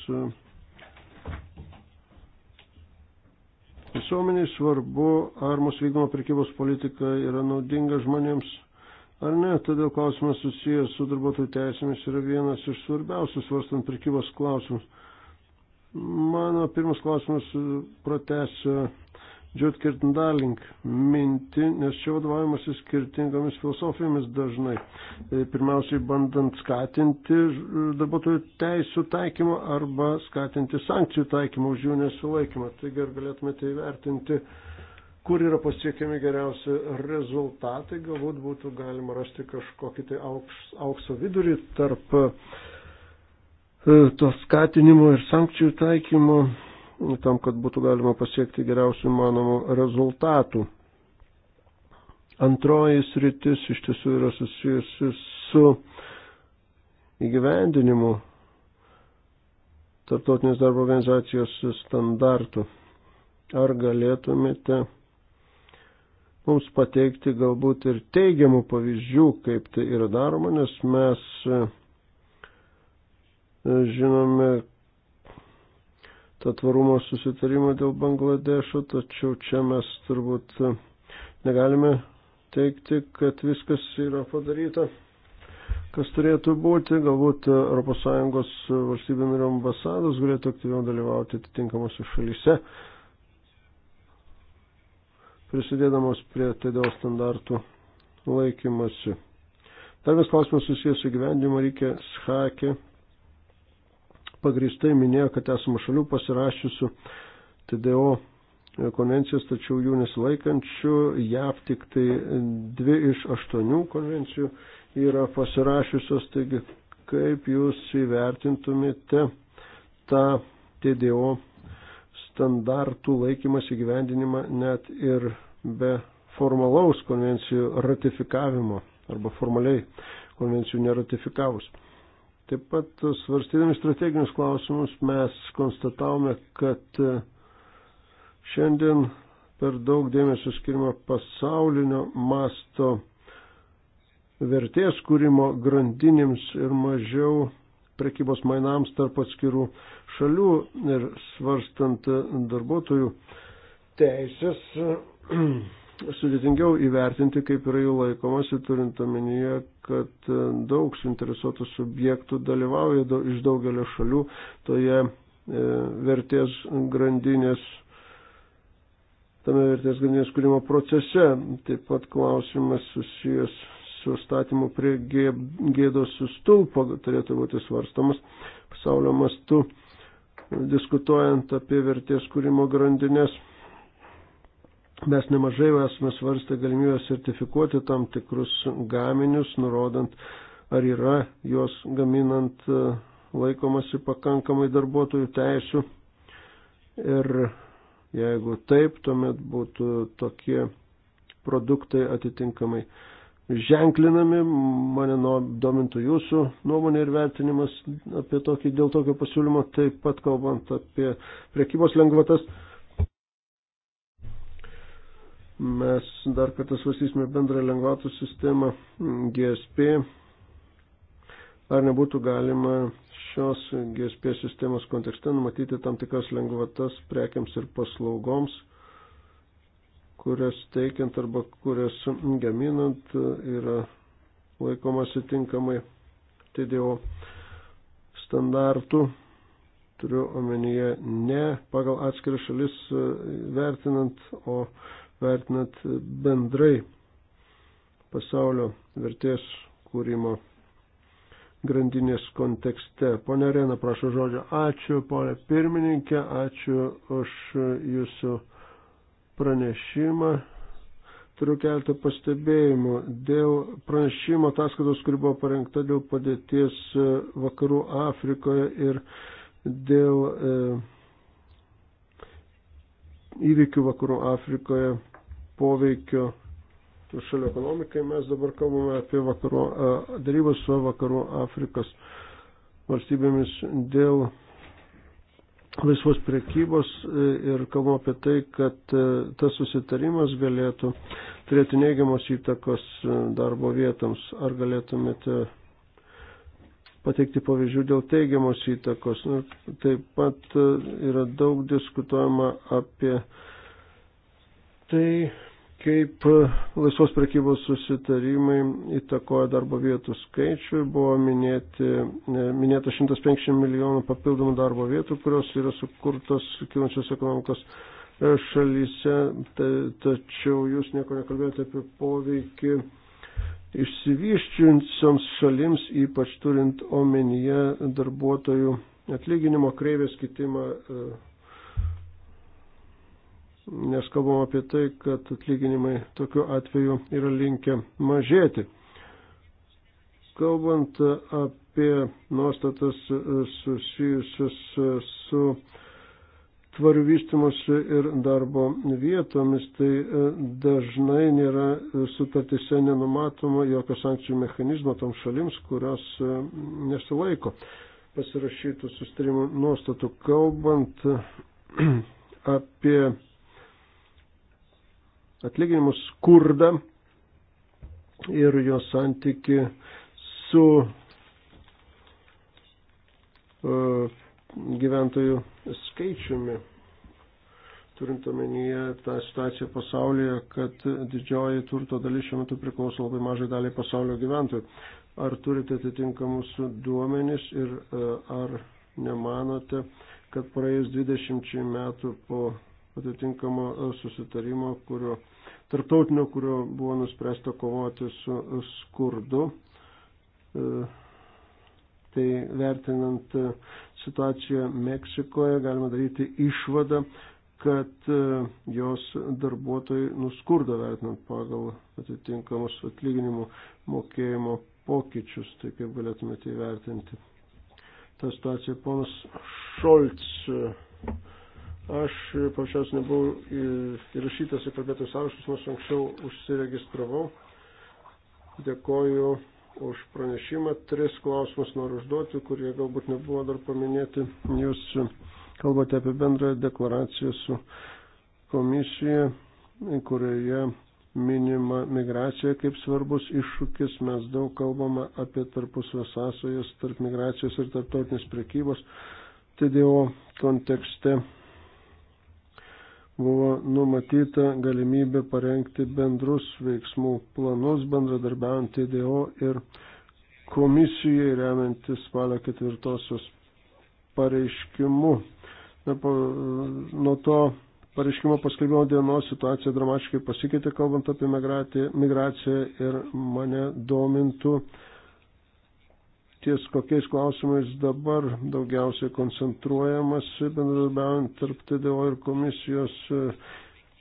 Visuomeniai svarbu, ar mūsų vykdoma prekybos politika yra naudinga žmonėms ar ne. Todėl klausimas susijęs su darbuotojų teisėmis yra vienas iš svarbiausių svarstant prekybos klausimus. Mano pirmas klausimas pratęs Džiotkirtendalink mintį, nes čia vadovavimasi skirtingomis filosofijomis dažnai. E, pirmiausiai bandant skatinti darbuotojų teisų taikymą arba skatinti sankcijų taikymą už jų nesilaikymą. Taigi ar galėtumėte įvertinti, kur yra pasiekiami geriausi rezultatai, galbūt būtų galima rasti kažkokį tai auks, aukso vidurį tarp e, to skatinimo ir sankcijų taikymo tam, kad būtų galima pasiekti geriausių manomų rezultatų. Antroji sritis iš tiesų yra susijusi su įgyvendinimu tarptautinės darbo organizacijos standartų. Ar galėtumėte mums pateikti galbūt ir teigiamų pavyzdžių, kaip tai yra daroma, nes mes e, žinome, tą tvarumo susitarimą dėl Bangladešo, tačiau čia mes turbūt e, negalime teikti, kad viskas yra padaryta, kas turėtų būti. Galbūt ES valstybių narių ambasados galėtų aktyviau dalyvauti atitinkamose šalyse, prisidėdamos prie TDO standartų laikymasi. Dar vienas klausimas susijęs su gyvendimu reikia schakė pagristai minėjo, kad esame šalių pasirašysiu TDO konvencijas, tačiau jų nesilaikančių. JAV tik tai dvi iš aštuonių konvencijų yra pasirašiusios, taigi kaip jūs įvertintumėte tą TDO standartų laikymas įgyvendinimą net ir be formalaus konvencijų ratifikavimo arba formaliai konvencijų neratifikavus. Taip pat svarstydami strateginius klausimus mes konstatavome, kad e, šiandien per daug dėmesio skirima pasaulinio masto vertės kūrimo grandinėms ir mažiau prekybos mainams tarp atskirų šalių ir svarstant darbuotojų teisės sudėtingiau įvertinti, kaip yra jų laikomasi, turint omenyje, kad e, daug suinteresuotų subjektų dalyvauja iš daugelio šalių toje e, vertės grandinės, tame vertės grandinės kūrimo procese. Taip pat klausimas susijęs su statymu prie gėdos stulpo turėtų būti svarstamas pasaulio mastu, diskutuojant apie vertės kūrimo grandinės Mes nemažai esame svarstę galimybę sertifikuoti tam tikrus gaminius, nurodant, ar yra juos gaminant e, laikomasi pakankamai darbuotojų teisų. Ir jeigu taip, tuomet būtų tokie produktai atitinkamai ženklinami. Mane domintų jūsų nuomonė ir vertinimas apie tokį, dėl tokio pasiūlymo, taip pat kalbant apie priekybos lengvatas. Mes dar kartą svarstysime bendrą lengvatų sistemą GSP. Ar nebūtų galima šios GSP sistemos kontekste numatyti tam tikras lengvatas prekiams ir paslaugoms, kurias teikiant arba kurias gaminant yra laikomasi tinkamai TDO standartų, turiu omenyje ne pagal atskiras šalis vertinant, o vertinant bendrai pasaulio vertės kūrimo grandinės kontekste. Pone Rena, prašau žodžio. Ačiū, ponė pirmininkė, ačiū už jūsų pranešimą. Turiu keletą pastebėjimų dėl pranešimo ataskaitos, kuri buvo parengta dėl padėties vakarų Afrikoje ir dėl e, įvykių vakarų Afrikoje poveikio šalių ekonomikai. Mes dabar kalbame apie vakarų, darybas su vakarų Afrikos valstybėmis dėl laisvos priekybos e, ir kalbam apie tai, kad e, tas susitarimas galėtų turėti neigiamos įtakos e, darbo vietams. Ar galėtumėte pateikti pavyzdžių dėl teigiamos įtakos. Nu, taip pat e, yra daug diskutuojama apie tai, kaip e, laisvos prekybos susitarimai įtakoja darbo vietų skaičių. Buvo minėti, e, minėta 150 milijonų papildomų darbo vietų, kurios yra sukurtos kilančios ekonomikos šalyse, tačiau jūs nieko nekalbėjote apie poveikį išsivyščiusioms šalims, ypač turint omenyje darbuotojų atlyginimo kreivės kitimą, e, nes kalbam apie tai, kad atlyginimai tokiu atveju yra linkę mažėti. Kalbant apie nuostatas e, susijusius e, su, su tvarių vystimosi ir darbo vietomis, tai e, dažnai nėra e, sutartise nenumatoma jokio sankcijų mechanizmo tom šalims, kurios e, nesilaiko pasirašytų sustarimų nuostatų. Kalbant *clears throat* apie atlyginimus skurdą ir jo santyki su uh, gyventojų skaičiumi, turint omenyje tą situaciją pasaulyje, kad didžioji turto dalis šiuo metu priklauso labai mažai daliai pasaulio gyventojų. Ar turite atitinkamus duomenys ir e, ar nemanote, kad praėjus 20 metų po atitinkamo e, susitarimo, kurio tarptautinio, kurio buvo nuspręsta kovoti su e, skurdu, tai vertinant situaciją Meksikoje, galima daryti išvadą, kad e, jos darbuotojai nuskurdo vertinant pagal atitinkamus atlyginimų mokėjimo pokyčius, tai kaip galėtumėte įvertinti. Ta situacija, ponas Šolts, aš paprasčiausiai nebuvau įrašytas į kalbėtojų sąrašus, nors anksčiau užsiregistravau. Dėkoju už pranešimą. Tris klausimus noriu užduoti, kurie galbūt nebuvo dar paminėti. Jūs kalbate apie bendrąją deklaraciją su komisija, kurioje minima migracija kaip svarbus iššūkis. Mes daug kalbame apie tarpusvio sąsajas tarp migracijos ir tarptautinės prekybos. TDO kontekste buvo numatyta galimybė parengti bendrus veiksmų planus, bendradarbiaujant TDO ir komisijai remiantis spalio ketvirtosios pareiškimu. Nuo to pareiškimo paskelbimo dienos situacija dramatiškai pasikeitė, kalbant apie migraciją ir mane domintų ties kokiais klausimais dabar daugiausiai koncentruojamas bendradarbiaujant tarp TDO ir komisijos,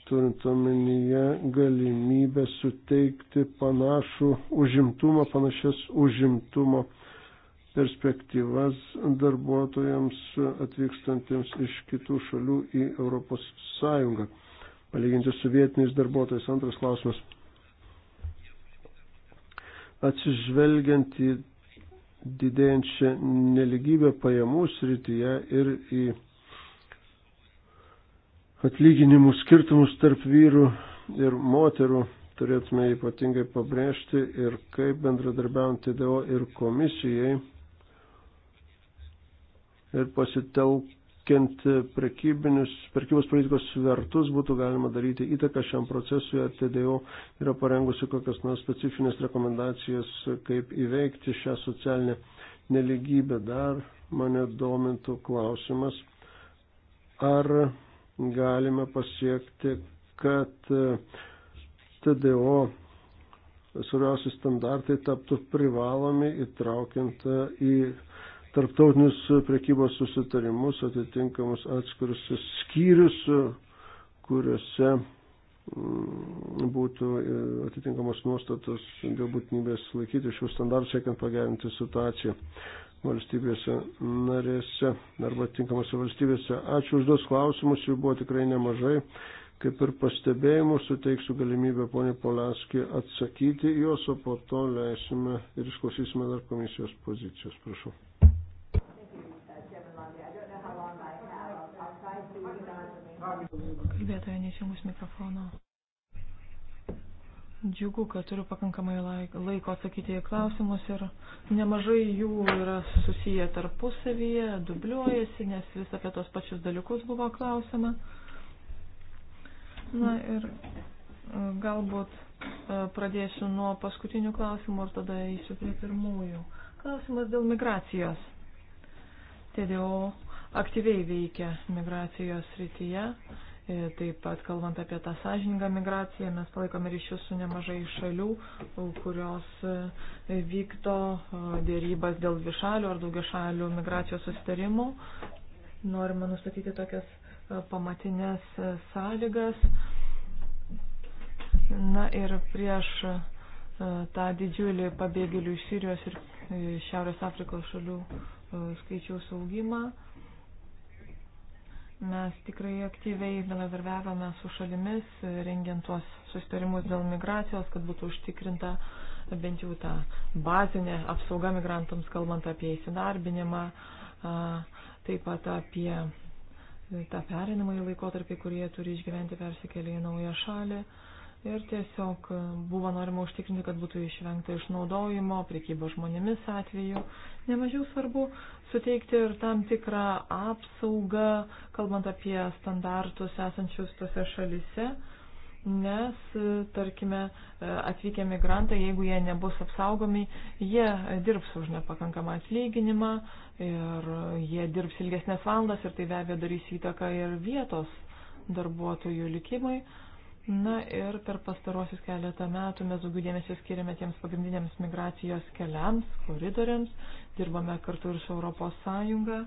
turint omenyje galimybę suteikti panašų užimtumą, panašias užimtumo perspektyvas darbuotojams atvykstantiems iš kitų šalių į Europos Sąjungą. Palyginti su vietiniais darbuotojais. Antras klausimas. Atsižvelgiant į didėjančią neligybę pajamų srityje ir į atlyginimų skirtumus tarp vyrų ir moterų turėtume ypatingai pabrėžti ir kaip bendradarbiaujant TDO ir komisijai ir pasitelk siekiant prekybos politikos svertus būtų galima daryti įtaką šiam procesui, ar TDO yra parengusi kokias nors specifines rekomendacijas, kaip įveikti šią socialinę neligybę. Dar mane domintų klausimas, ar galime pasiekti, kad TDO svarbiausi standartai taptų privalomi įtraukiant į tarptautinius prekybos susitarimus, atitinkamus atskirus skyrius, kuriuose mm, būtų e, atitinkamos nuostatos dėl būtinybės laikyti šių standartų, siekiant pagerinti situaciją valstybėse narėse arba tinkamose valstybėse. Ačiū už dos klausimus, jų buvo tikrai nemažai. Kaip ir pastebėjimų suteiksiu galimybę ponė Poliaskį atsakyti juos, o po to leisime ir išklausysime dar komisijos pozicijos. Prašau. Kalbėtoja nesijungus mikrofono. Džiugu, kad turiu pakankamai laiko atsakyti į klausimus ir nemažai jų yra susiję tarpusavyje, dubliuojasi, nes vis apie tos pačius dalykus buvo klausima. Na ir e, galbūt e, pradėsiu nuo paskutinių klausimų ir tada eisiu prie pirmųjų. Klausimas dėl migracijos. TDO aktyviai veikia migracijos rytyje. E, taip pat kalbant apie tą sąžiningą migraciją, mes palaikome ryšius su nemažai šalių, kurios e, vykdo dėrybas dėl dvišalių ar daugiašalių migracijos sustarimų. Norime nustatyti tokias e, pamatinės sąlygas. Na ir prieš tą didžiulį pabėgėlių iš Sirijos ir Šiaurės Afrikos šalių skaičiaus augimą. Mes tikrai aktyviai bendradarbiavome su šalimis, rengiant tuos sustarimus dėl migracijos, kad būtų užtikrinta bent jau ta bazinė apsauga migrantams, kalbant apie įsidarbinimą, taip pat apie tą perinamąjį laikotarpį, kurie turi išgyventi persikeliai į naują šalį. Ir tiesiog e, buvo norima užtikrinti, kad būtų išvengta išnaudojimo, priekybo žmonėmis atveju. Nemažiau svarbu suteikti ir tam tikrą apsaugą, kalbant apie standartus esančius tose šalise, nes, e, tarkime, e, atvykę migrantai, jeigu jie nebus apsaugomi, jie dirbs už nepakankamą atlyginimą ir jie dirbs ilgesnės valandas ir tai be abejo darys įtaką ir vietos darbuotojų likimai. Na ir per pastaruosius keletą metų mes daugiau dėmesio skiriame tiems pagrindiniams migracijos keliams, koridoriams, dirbame kartu ir su Europos Sąjunga,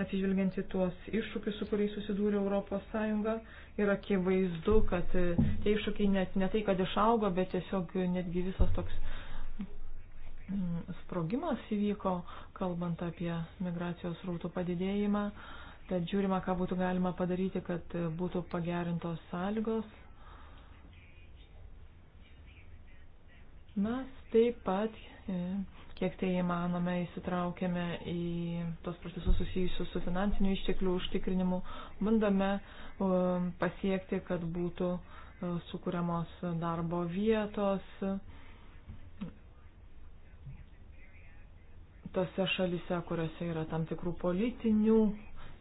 atsižvelgiant į tuos iššūkius, su kuriais susidūrė Europos Sąjunga. Ir akivaizdu, kad e, tie iššūkiai net ne tai, kad išaugo, bet tiesiog netgi visas toks mm, sprogimas įvyko, kalbant apie migracijos rautų padidėjimą. Tad žiūrima, ką būtų galima padaryti, kad būtų pagerintos sąlygos Mes taip pat, e, kiek tai įmanome, įsitraukėme į tos procesus susijusius su finansinių išteklių užtikrinimu, bandome e, pasiekti, kad būtų e, sukūriamos darbo vietos tose šalise, kuriuose yra tam tikrų politinių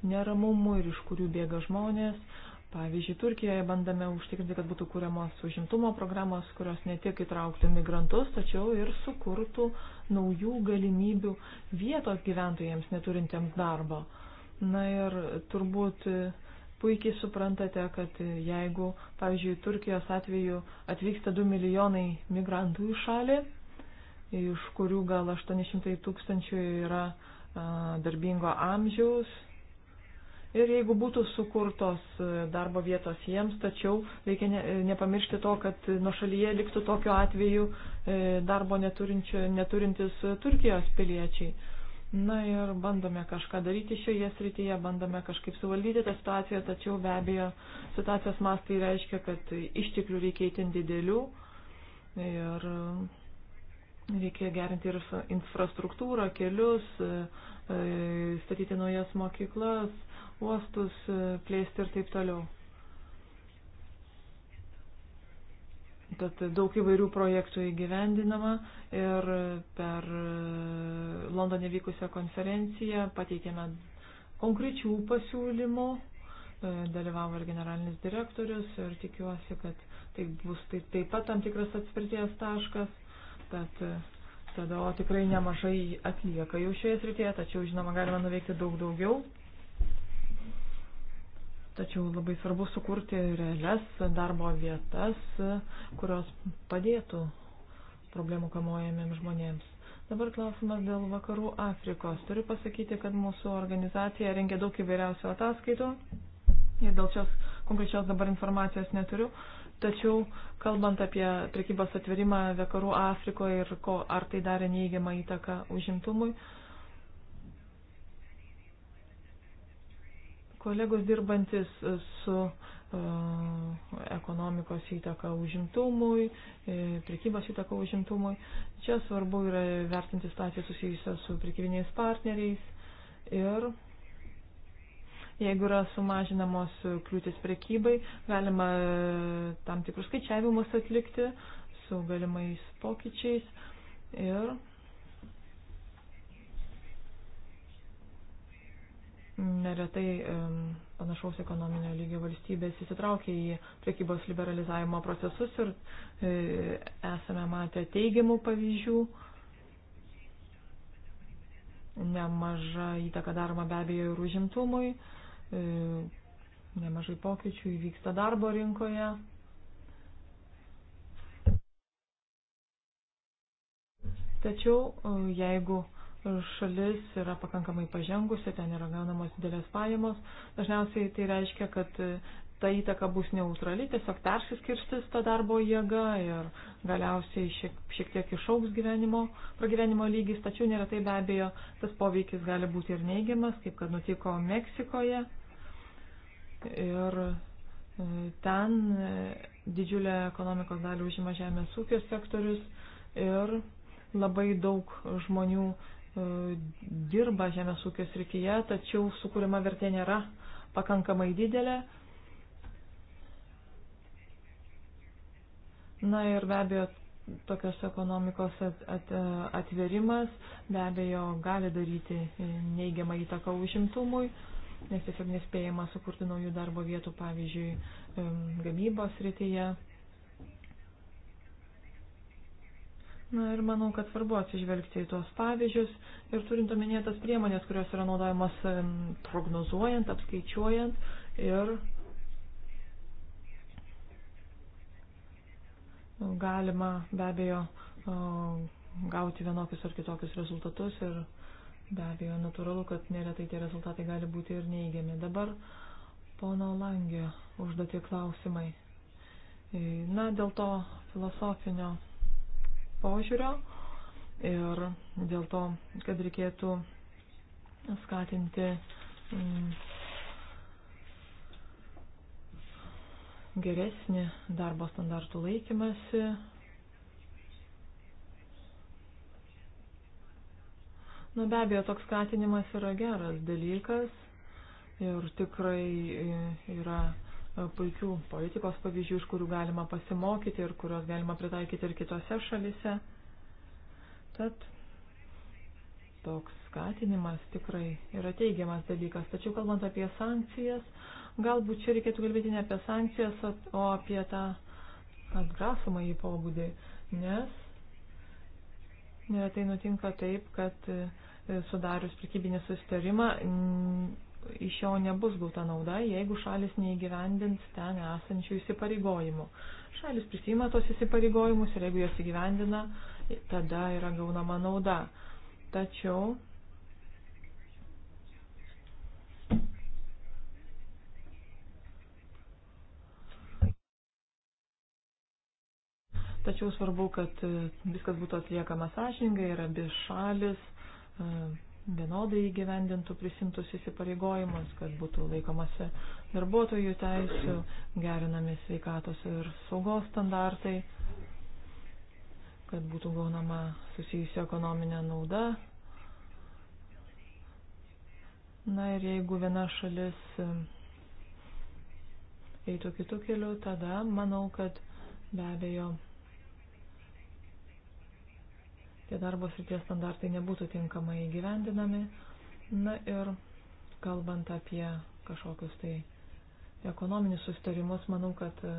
neramumų ir iš kurių bėga žmonės. Pavyzdžiui, Turkijoje bandame užtikrinti, kad būtų kūriamos užimtumo programos, kurios ne tik įtrauktų migrantus, tačiau ir sukurtų naujų galimybių vietos gyventojams neturintiems darbo. Na ir turbūt puikiai suprantate, kad jeigu, pavyzdžiui, Turkijos atveju atvyksta 2 milijonai migrantų į šalį, iš kurių gal 800 tūkstančių yra darbingo amžiaus, Ir jeigu būtų sukurtos e, darbo vietos jiems, tačiau reikia ne, e, nepamiršti to, kad nuo šalyje liktų tokiu atveju e, darbo neturintis Turkijos piliečiai. Na ir bandome kažką daryti šioje srityje, bandome kažkaip suvaldyti tą situaciją, tačiau be abejo situacijos mastai reiškia, kad išteklių reikia įtin didelių ir reikia gerinti ir infrastruktūrą, kelius, statyti naujas mokyklas, uostus e, plėsti ir taip toliau. Tad daug įvairių projektų įgyvendinama ir per e, Londone vykusią konferenciją pateikėme konkrečių pasiūlymų, e, dalyvavo ir generalinis direktorius ir tikiuosi, kad tai bus taip, taip pat tam tikras atspirties taškas. Tad TDO tikrai nemažai atlieka jau šioje srityje, tačiau žinoma galima nuveikti daug daugiau. Tačiau labai svarbu sukurti realias darbo vietas, kurios padėtų problemų kamuojamiems žmonėms. Dabar klausimas dėl vakarų Afrikos. Turiu pasakyti, kad mūsų organizacija rengia daug įvairiausių ataskaitų ir dėl šios konkrečios dabar informacijos neturiu. Tačiau, kalbant apie prekybos atverimą vakarų Afrikoje ir ko, ar tai darė neįgiamą įtaką užimtumui, uh, Kolegos dirbantis su e, ekonomikos įtaka užimtumui, e, prekybos įtaka užimtumui. Čia svarbu yra vertinti situaciją susijusią su prekybiniais partneriais ir jeigu yra sumažinamos kliūtis prekybai, galima e, tam tikrus skaičiavimus atlikti su galimais pokyčiais ir neretai panašaus ekonominio lygio valstybės įsitraukia į priekybos liberalizavimo procesus ir e, esame matę teigiamų pavyzdžių. Nemaža įtaka daroma be abejo ir užimtumui, e, nemažai pokyčių įvyksta darbo rinkoje. Tačiau e, jeigu šalis yra pakankamai pažengusi, ten yra gaunamos didelės pajamos. Dažniausiai tai reiškia, kad ta įtaka bus neutrali, tiesiog persiskirstis ta darbo jėga ir galiausiai šiek, šiek tiek išauks gyvenimo, pragyvenimo lygis, tačiau neretai be abejo tas poveikis gali būti ir neigiamas, kaip kad nutiko Meksikoje. Ir e, ten e, didžiulę ekonomikos dalį užima žemės ūkio sektorius ir labai daug žmonių E, dirba žemės ūkio srityje, tačiau sukūrima vertė nėra pakankamai didelė. Na ir be abejo, tokios ekonomikos at, at, atverimas be abejo gali daryti neigiamą įtaką užimtumui, nes tiesiog nespėjama sukurti naujų darbo vietų, pavyzdžiui, e, gamybos rytyje. Na ir manau, kad svarbu atsižvelgti į tuos pavyzdžius ir turint omenyje tas priemonės, kurios yra naudojamos prognozuojant, apskaičiuojant ir galima be abejo gauti vienokius ar kitokius rezultatus ir be abejo natūralu, kad neretai tie rezultatai gali būti ir neįgiami. Dabar pono Langė užduoti klausimai. E, na, dėl to filosofinio požiūrio ir dėl to, kad reikėtų skatinti mm, geresnį darbo standartų laikymasi. Na be abejo, toks skatinimas yra geras dalykas ir tikrai e, yra E, puikių politikos pavyzdžių, iš kurių galima pasimokyti ir kuriuos galima pritaikyti ir kitose šalise. Tad toks skatinimas tikrai yra teigiamas dalykas. Tačiau kalbant apie sankcijas, galbūt čia reikėtų kalbėti ne apie sankcijas, o apie tą atgrasomą į pobūdį, nes neretai nutinka taip, kad e, sudarius prekybinį susitarimą iš jo nebus gauta nauda, jeigu šalis neįgyvendins ten esančių įsipareigojimų. Šalis prisima tos įsipareigojimus ir jeigu jos įgyvendina, tada yra gaunama nauda. Tačiau Tačiau svarbu, kad viskas būtų atliekama sąžiningai ir abi šalis vienodai įgyvendintų prisimtus įsipareigojimus, kad būtų laikomasi darbuotojų teisų, gerinami sveikatos ir saugos standartai, kad būtų gaunama susijusi ekonominė nauda. Na ir jeigu viena šalis e, eitų kitų kelių, tada manau, kad be abejo tie darbo srities standartai nebūtų tinkamai įgyvendinami. Na ir kalbant apie kažkokius tai ekonominius sustarimus, manau, kad e,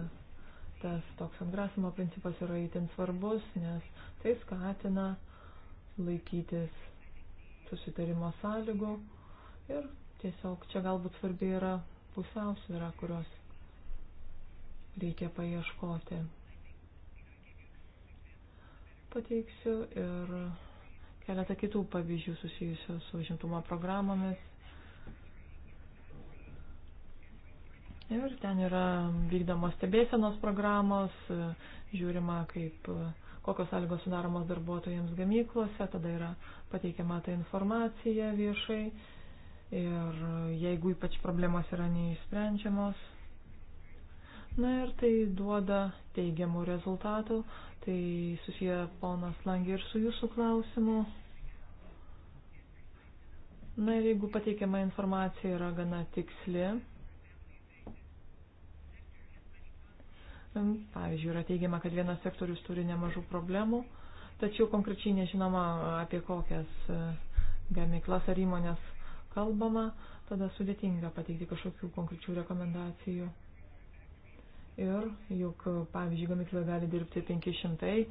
tas toks atgrasimo principas yra įtin svarbus, nes tai skatina laikytis susitarimo sąlygų ir tiesiog čia galbūt svarbi yra pusiausvyrą, kurios reikia paieškoti pateiksiu ir keletą kitų pavyzdžių susijusių su užimtumo programomis. Ir ten yra vykdomos stebėsenos programos, žiūrima, kaip, kokios sąlygos sudaromos darbuotojams gamyklose, tada yra pateikiama ta informacija viešai ir jeigu ypač problemos yra neišsprendžiamos, Na ir tai duoda teigiamų rezultatų. Tai susiję ponas Langė ir su jūsų klausimu. Na ir jeigu pateikiama informacija yra gana tiksli, pavyzdžiui, yra teigiama, kad vienas sektorius turi nemažų problemų, tačiau konkrečiai nežinoma, apie kokias e, gamyklas ar įmonės kalbama, tada sudėtinga pateikti kažkokių konkrečių rekomendacijų ir juk, pavyzdžiui, gamykloje gali dirbti 500 e,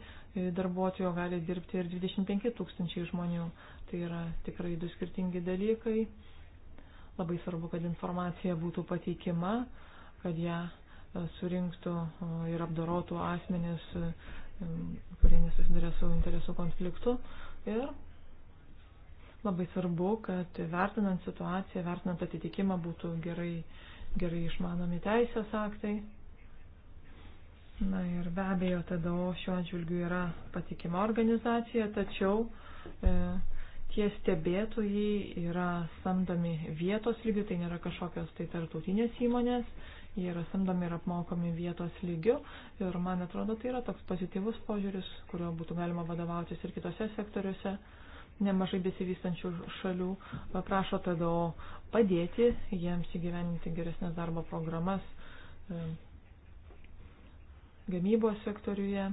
darbuotojų, gali dirbti ir 25 tūkstančiai žmonių. Tai yra tikrai du skirtingi dalykai. Labai svarbu, kad informacija būtų pateikima, kad ją e, surinktų ir apdorotų asmenys, e, kurie nesusiduria su interesų konfliktu. Ir labai svarbu, kad vertinant situaciją, vertinant atitikimą būtų gerai, gerai išmanomi teisės aktai. Na ir be abejo, TDO šiuo atžvilgiu yra patikima organizacija, tačiau e, tie stebėtojai yra samdomi vietos lygių, tai nėra kažkokios tai tartutinės įmonės, jie yra samdomi ir apmokomi vietos lygių ir man atrodo tai yra toks pozityvus požiūris, kuriuo būtų galima vadovautis ir kitose sektoriuose. Nemažai besivystančių šalių prašo TDO padėti jiems įgyveninti geresnės darbo programas. E, gamybos sektoriuje.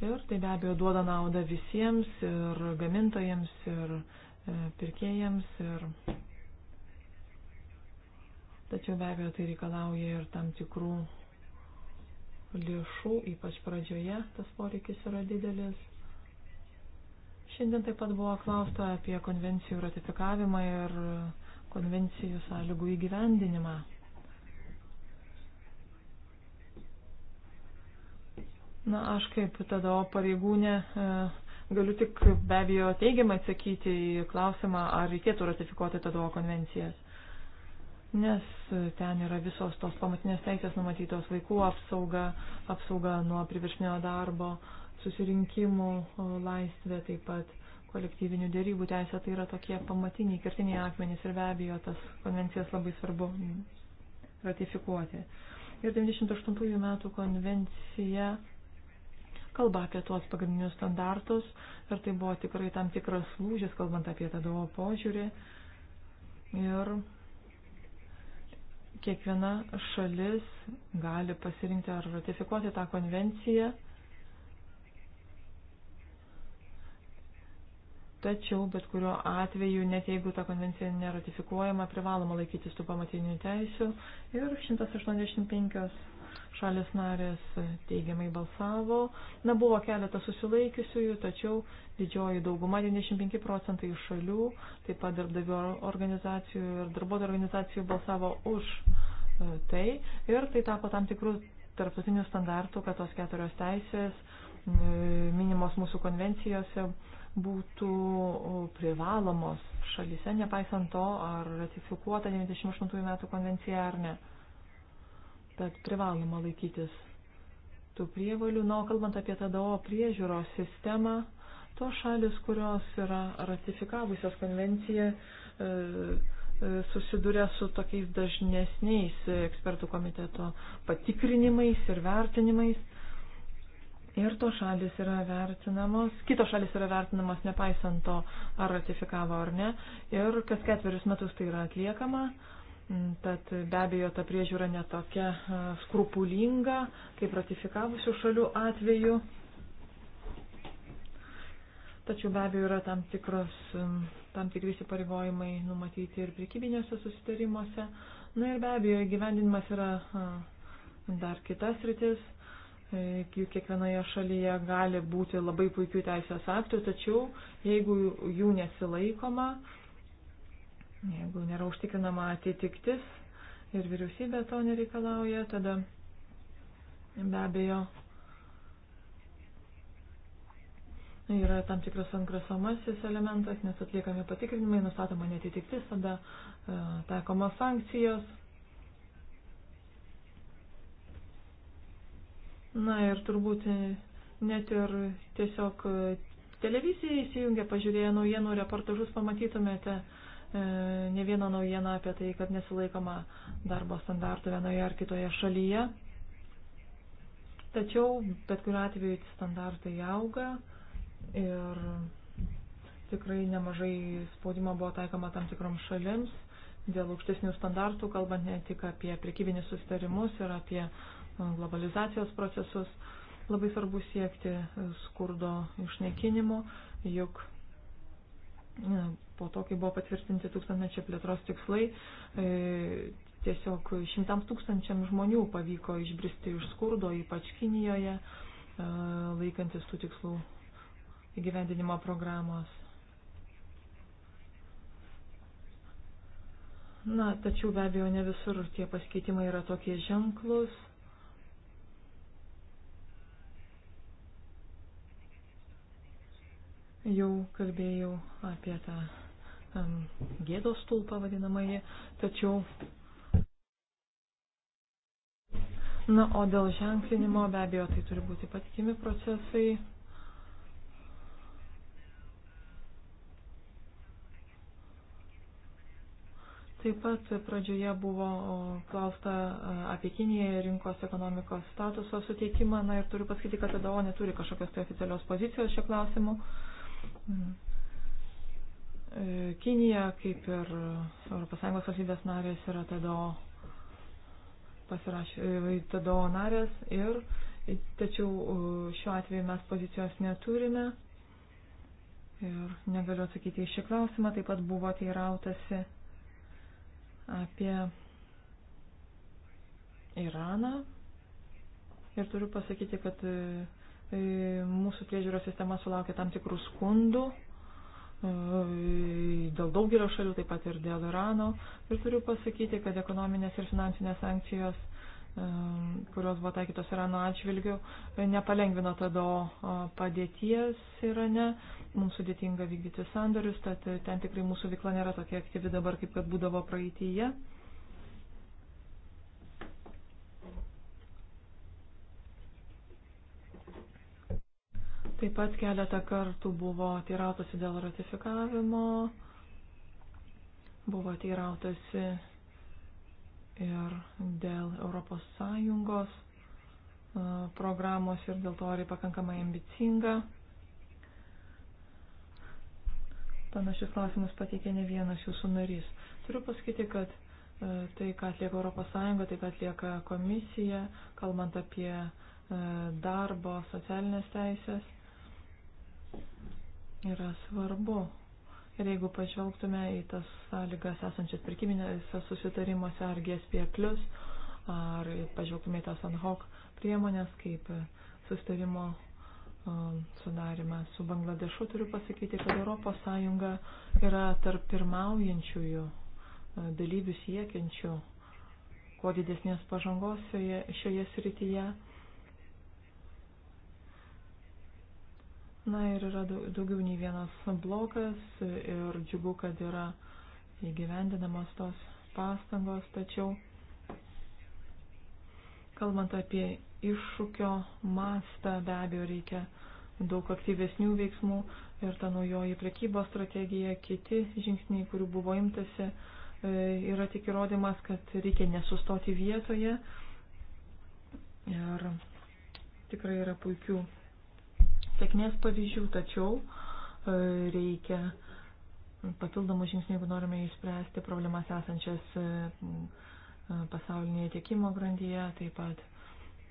Ir tai be abejo duoda naudą visiems ir gamintojams ir e, pirkėjams. Ir... Tačiau be abejo tai reikalauja ir tam tikrų lėšų, ypač pradžioje tas poreikis yra didelis. Šiandien taip pat buvo klausta apie konvencijų ratifikavimą ir konvencijų sąlygų įgyvendinimą. Na, aš kaip tada pareigūnė e, galiu tik be abejo teigiamai atsakyti į klausimą, ar reikėtų ratifikuoti tada konvencijas. Nes e, ten yra visos tos pamatinės teisės numatytos vaikų apsauga, apsauga nuo priviršinio darbo, susirinkimų laisvė taip pat kolektyvinių dėrybų teisė, tai yra tokie pamatiniai, kertiniai akmenys ir be abejo tas konvencijas labai svarbu ratifikuoti. Ir 98 metų konvencija kalba apie tuos pagrindinius standartus ir tai buvo tikrai tam tikras lūžis, kalbant apie TDO požiūrį. Ir kiekviena šalis gali pasirinkti ar ratifikuoti tą konvenciją. Tačiau, bet kuriuo atveju, net jeigu ta konvencija neratifikuojama, privaloma laikytis tų pamatinių teisių ir 185 šalis narės teigiamai balsavo. Na, buvo keletas susilaikiusiųjų, tačiau didžioji dauguma, 95 procentai šalių, taip pat darbdavio organizacijų ir darbuotojų organizacijų balsavo už e, tai. Ir tai tapo tam tikrų tarptautinių standartų, kad tos keturios teisės e, minimos mūsų konvencijose būtų privalomos šalyse, nepaisant to, ar ratifikuota 98 metų konvencija ar ne. Tad privaloma laikytis tų prievalių. Na, o kalbant apie TDO priežiūros sistemą, tos šalis, kurios yra ratifikavusios konvenciją, e, e, susiduria su tokiais dažnesniais ekspertų komiteto patikrinimais ir vertinimais. Ir tos šalis yra vertinamos, kitos šalis yra vertinamos nepaisant to, ar ratifikavo ar ne. Ir kas ketverius metus tai yra atliekama. Uh, Mm, tad be abejo ta priežiūra netokia skrupulinga, kaip ratifikavusių šalių atveju. Tačiau be abejo yra tam, tikros, tam tikri įsipareigojimai numatyti ir prekybinėse susitarimuose. Na ir be abejo, gyvendinimas yra dar kitas rytis. E, kiekvienoje šalyje gali būti labai puikių teisės aktų, tačiau jeigu jų nesilaikoma, Jeigu nėra užtikrinama atitiktis ir vyriausybė to nereikalauja, tada be abejo yra tam tikras ankrasomasis elementas, nes atliekami patikrinimai, nustatoma netitiktis, tada e, taikoma sankcijos. Na ir turbūt e, net ir tiesiog e, televiziją įsijungę, pažiūrėję naujienų reportažus, pamatytumėte, e, E, ne vieną naujieną apie tai, kad nesilaikoma darbo standartų vienoje ar kitoje šalyje. Tačiau bet kuriu atveju standartai auga ir tikrai nemažai spaudimo buvo taikoma tam tikrom šalims dėl aukštesnių standartų, kalbant ne tik apie prekybinius sustarimus ir apie e, globalizacijos procesus. Labai svarbu siekti skurdo išnekinimo, juk po to, kai buvo patvirtinti tūkstantmečio plėtros tikslai, e, tiesiog šimtams tūkstančiam žmonių pavyko išbristi iš skurdo, ypač Kinijoje, e, laikantis tų tikslų įgyvendinimo programos. Na, tačiau be abejo ne visur tie pasikeitimai yra tokie ženklus. Jau kalbėjau apie tą um, gėdos stulpą vadinamąjį, tačiau. Na, o dėl ženklinimo be abejo tai turi būti patikimi procesai. Taip pat pradžioje buvo klausta e, apie Kiniją rinkos ekonomikos statuso suteikimą. Na ir turiu pasakyti, kad TDO neturi kažkokios tai oficialios pozicijos šio klausimu. E, Kinija, kaip ir ES valstybės narės, yra TDO, pasirašė, e, TDO narės ir e, tačiau šiuo atveju mes pozicijos neturime ir negaliu atsakyti į šį klausimą. Taip pat buvo teirautasi apie Iraną ir turiu pasakyti, kad E, mūsų priežiūros sistema sulaukia tam tikrų skundų e, dėl daugelio šalių, taip pat ir dėl Irano. Ir turiu pasakyti, kad ekonominės ir finansinės sankcijos, e, kurios buvo taikytos Irano atžvilgiu, nepalengvino tada padėties Irane. Mums sudėtinga vykdyti sandorius, tad ten tikrai mūsų veikla nėra tokia aktyvi dabar, kaip kad būdavo praeitįje. Taip pat keletą kartų buvo teirautasi dėl ratifikavimo, buvo teirautasi ir dėl ES e, programos ir dėl to ar pakankamai ambicinga. Panašius klausimus pateikė ne vienas jūsų narys. Turiu pasakyti, kad e, tai, ką atlieka ES, tai, ką atlieka komisija, kalbant apie e, darbo, socialinės teisės, yra svarbu. Ir jeigu pažvelgtume į tas sąlygas esančias pirkiminėse susitarimuose ar GSP, ar pažvelgtume į tas ANHOC priemonės, kaip susitarimo um, sudarimą su Bangladešu, turiu pasakyti, kad ES yra tarp pirmaujančiųjų uh, dalyvių siekiančių kuo didesnės pažangos šioje, šioje srityje. Na ir yra daugiau nei vienas blokas ir džiugu, kad yra įgyvendinamos tos pastangos, tačiau kalbant apie iššūkio mastą, be abejo, reikia daug aktyvesnių veiksmų ir ta naujoji prekybos strategija, kiti žingsniai, kurių buvo imtasi, e, yra tik įrodymas, kad reikia nesustoti vietoje ir tikrai yra puikių sėkmės pavyzdžių, tačiau e, reikia papildomų žingsnių, jeigu norime išspręsti problemas esančias e, e, pasaulinėje tiekimo grandyje, taip pat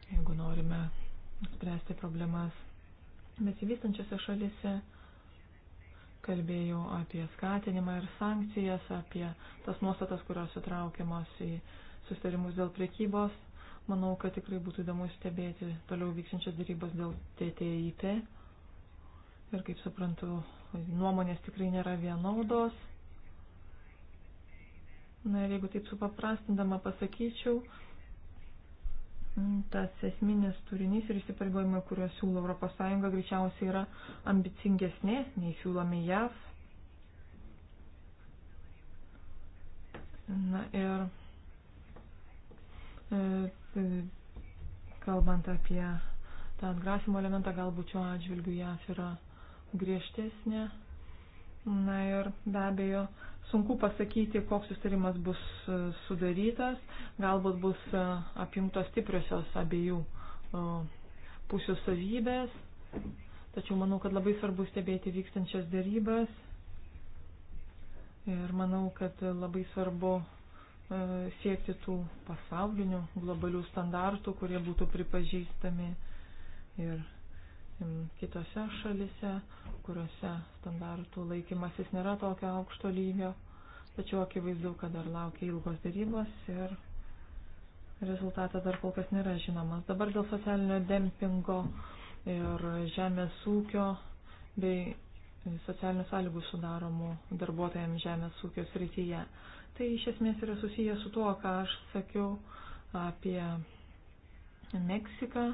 jeigu norime spręsti problemas besivystančiose šalise. Kalbėjau apie skatinimą ir sankcijas, apie tas nuostatas, kurios sutraukiamos į sustarimus dėl priekybos. Manau, kad tikrai būtų įdomu stebėti toliau vyksinčias darybas dėl TTIP. Ir kaip suprantu, nuomonės tikrai nėra vienodos. Na ir jeigu taip supaprastindama pasakyčiau, tas esminis turinys ir įsipareigojimai, kuriuos siūlo ES, greičiausiai yra ambicingesnės nei siūlomi JAV. Na ir e, e, kalbant apie tą atgrasimo elementą, galbūt šiuo atžvilgiu JAV yra griežtesnė. Na ir be abejo, sunku pasakyti, koks susitarimas bus e, sudarytas, galbūt bus e, apimtos stipriosios abiejų e, pusių savybės, tačiau manau, kad labai svarbu stebėti vykstančias dėrybas ir manau, kad labai svarbu siekti tų pasaulinių globalių standartų, kurie būtų pripažįstami ir kitose šalise, kuriuose standartų laikymasis nėra tokio aukšto lygio, tačiau akivaizdu, kad dar laukia ilgos dėrybos ir rezultatas dar kol kas nėra žinomas. Dabar dėl socialinio dempingo ir žemės ūkio bei socialinių sąlygų sudaromų darbuotojams žemės ūkio srityje. Tai iš esmės yra susiję su tuo, ką aš sakiau apie Meksiką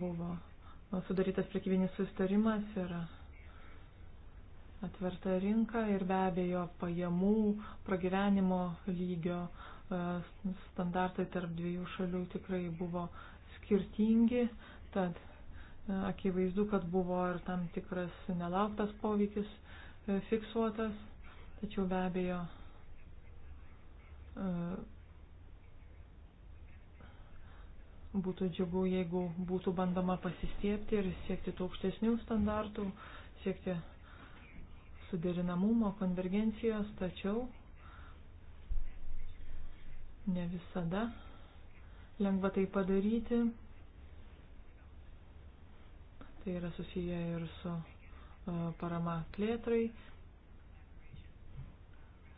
buvo sudarytas prekybinis sustarimas ir atverta rinka ir be abejo pajamų, pragyvenimo lygio standartai tarp dviejų šalių tikrai buvo skirtingi, tad e, akivaizdu, kad buvo ir tam tikras nelauktas poveikis e, fiksuotas, tačiau be abejo e, Būtų džiugu, jeigu būtų bandoma pasistiepti ir siekti tų aukštesnių standartų, siekti suderinamumo, konvergencijos, tačiau ne visada lengva tai padaryti. Tai yra susiję ir su e, parama plėtrai.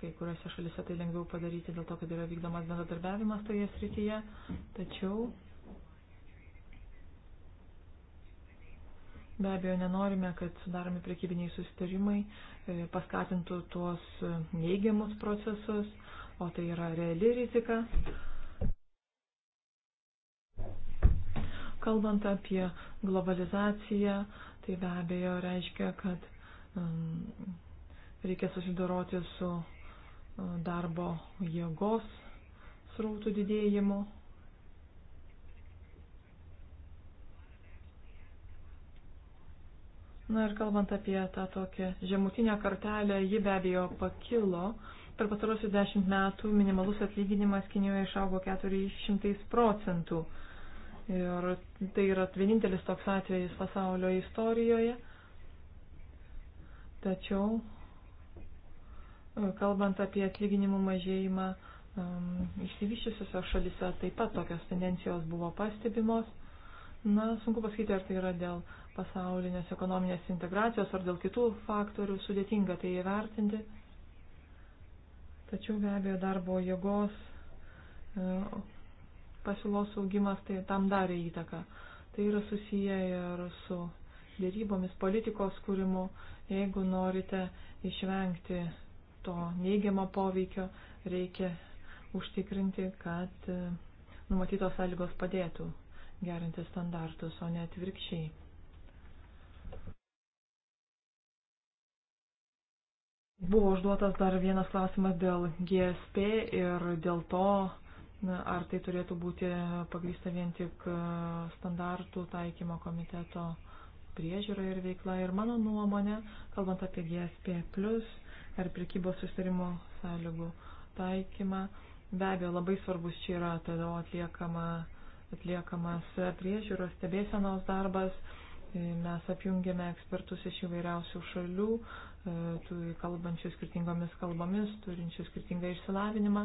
Kai kuriuose šalise tai lengviau padaryti dėl to, kad yra vykdomas bendradarbiavimas toje srityje. Tačiau Be abejo, nenorime, kad sudaromi prekybiniai susitarimai e, paskatintų tuos e, neigiamus procesus, o tai yra reali rizika. Kalbant apie globalizaciją, tai be abejo reiškia, kad um, reikia susidoroti su e, darbo jėgos srautų didėjimu. Na ir kalbant apie tą tokią žemutinę kartelę, ji be abejo pakilo. Per pastarosius dešimt metų minimalus atlyginimas Kinijoje išaugo 400 procentų. Ir tai yra vienintelis toks atvejis pasaulio istorijoje. Tačiau, e, kalbant apie atlyginimų mažėjimą, um, išsivyščiusiuose šalise taip pat tokios tendencijos buvo pastebimos. Na, sunku pasakyti, ar tai yra dėl pasaulinės ekonominės integracijos ar dėl kitų faktorių sudėtinga tai įvertinti. Tačiau be abejo darbo jėgos e, pasiūlos augimas tai tam darė įtaką. Tai yra susiję ir su dėrybomis, politikos kūrimu. Jeigu norite išvengti to neigiamo poveikio, reikia užtikrinti, kad e, numatytos sąlygos padėtų gerinti standartus, o ne atvirkščiai. Buvo užduotas dar vienas klausimas dėl GSP ir dėl to, ar tai turėtų būti pagrysta vien tik e, standartų taikymo komiteto priežiūra ir veikla. Ir mano nuomonė, kalbant apie GSP, ar prekybos sustarimo sąlygų taikymą, be abejo labai svarbus čia yra tada atliekama atliekamas priežiūros stebėsenos darbas. Mes apjungėme ekspertus iš įvairiausių šalių, e, kalbančių skirtingomis kalbomis, turinčių skirtingą išsilavinimą.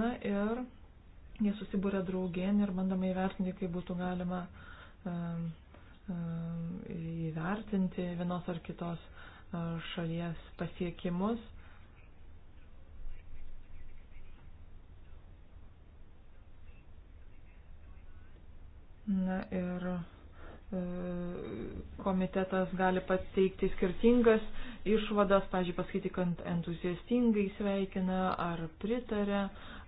Na ir jie susibūrė draugien ir bandome įvertinti, kaip būtų galima e, e, įvertinti vienos ar kitos šalies pasiekimus Na ir e, komitetas gali pateikti skirtingas išvadas, pažiūrėjau, pasakyti, kad entuziastingai sveikina, ar pritarė,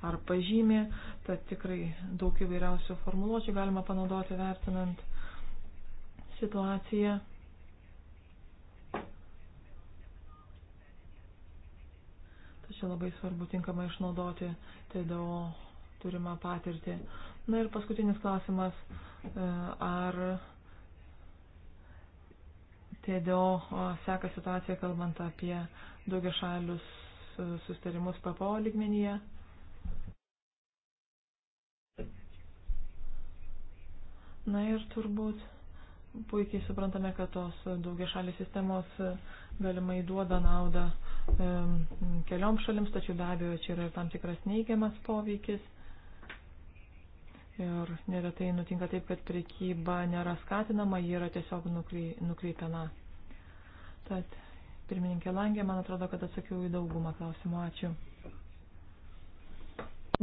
ar pažymė, tad tikrai daug įvairiausių formuluočių galima panaudoti vertinant situaciją. Tačiau labai svarbu tinkamai išnaudoti TDO turimą patirtį. Na ir paskutinis klausimas. E, ar TDO seka situaciją, kalbant apie daugia šalius e, sustarimus PPO lygmenyje? Na ir turbūt puikiai suprantame, kad tos daugia šalės sistemos e, galimai duoda naudą keliom šalims, tačiau be abejo čia yra ir tam tikras neigiamas poveikis. Ir neretai nutinka taip, kad prekyba nėra skatinama, ji yra tiesiog nukreipiama. Tad, pirmininkė Langė, man atrodo, kad atsakiau į daugumą klausimų. Ačiū.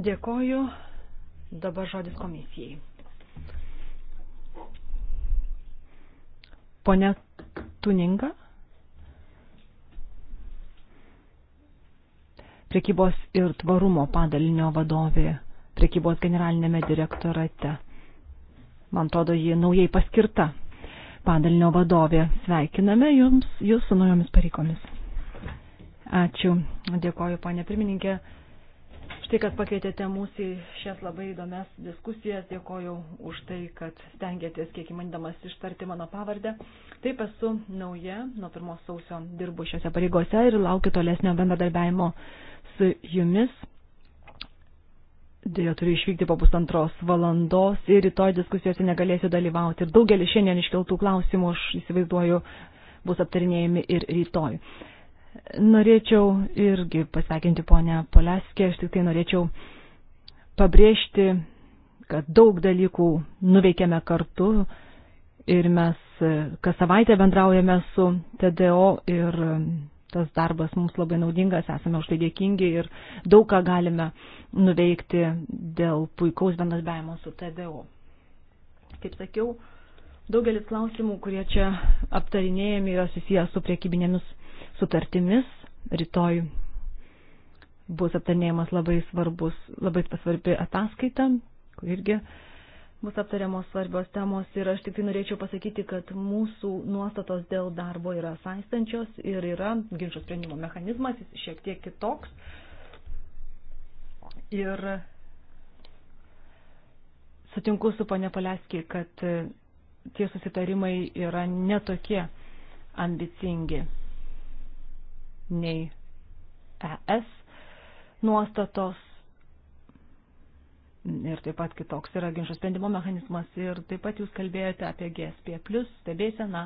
Dėkoju. Dabar žodis komisijai. Pone Tuninga. Prekybos ir tvarumo padalinio vadovė priekybos generalinėme direktorate. Man atrodo, ji naujai paskirta padalinio vadovė. Sveikiname jums, jūs su naujomis pareikomis. Ačiū. Dėkoju, ponė pirmininkė. Štai, kad pakvietėte mūsų į šias labai įdomias diskusijas. Dėkoju už tai, kad stengiatės kiek įmanydamas ištarti mano pavardę. Taip esu nauja, nuo 1 sausio dirbu šiose pareigose ir laukiu tolesnio bendradarbiajimo su jumis. Dėja, turiu išvykti po pusantros valandos ir rytoj diskusijose negalėsiu dalyvauti. Ir daugelis šiandien iškeltų klausimų, aš įsivaizduoju, bus aptarinėjami ir rytoj. Norėčiau irgi pasveikinti ponę Poleskę, aš tik tai norėčiau pabrėžti, kad daug dalykų nuveikėme kartu ir mes kas savaitę bendraujame su TDO ir tas darbas mums labai naudingas, esame už tai dėkingi ir daug ką galime nuveikti dėl puikaus bendradarbiavimo su TDO. Kaip sakiau, daugelis klausimų, kurie čia aptarinėjami, yra susijęs su priekybinėmis sutartimis. Rytoj bus aptarnėjimas labai svarbus, labai pasvarbi ataskaita, kur irgi uh, bus aptariamos svarbios temos ir aš tik tai norėčiau pasakyti, kad mūsų nuostatos dėl darbo yra saistančios ir yra ginčio sprendimo mechanizmas, jis šiek tiek kitoks. Ir sutinku su ponia Paleski, kad tie susitarimai yra netokie ambicingi nei ES nuostatos ir taip pat kitoks yra ginčio sprendimo mechanizmas ir taip pat jūs kalbėjote apie GSP, stebėseną,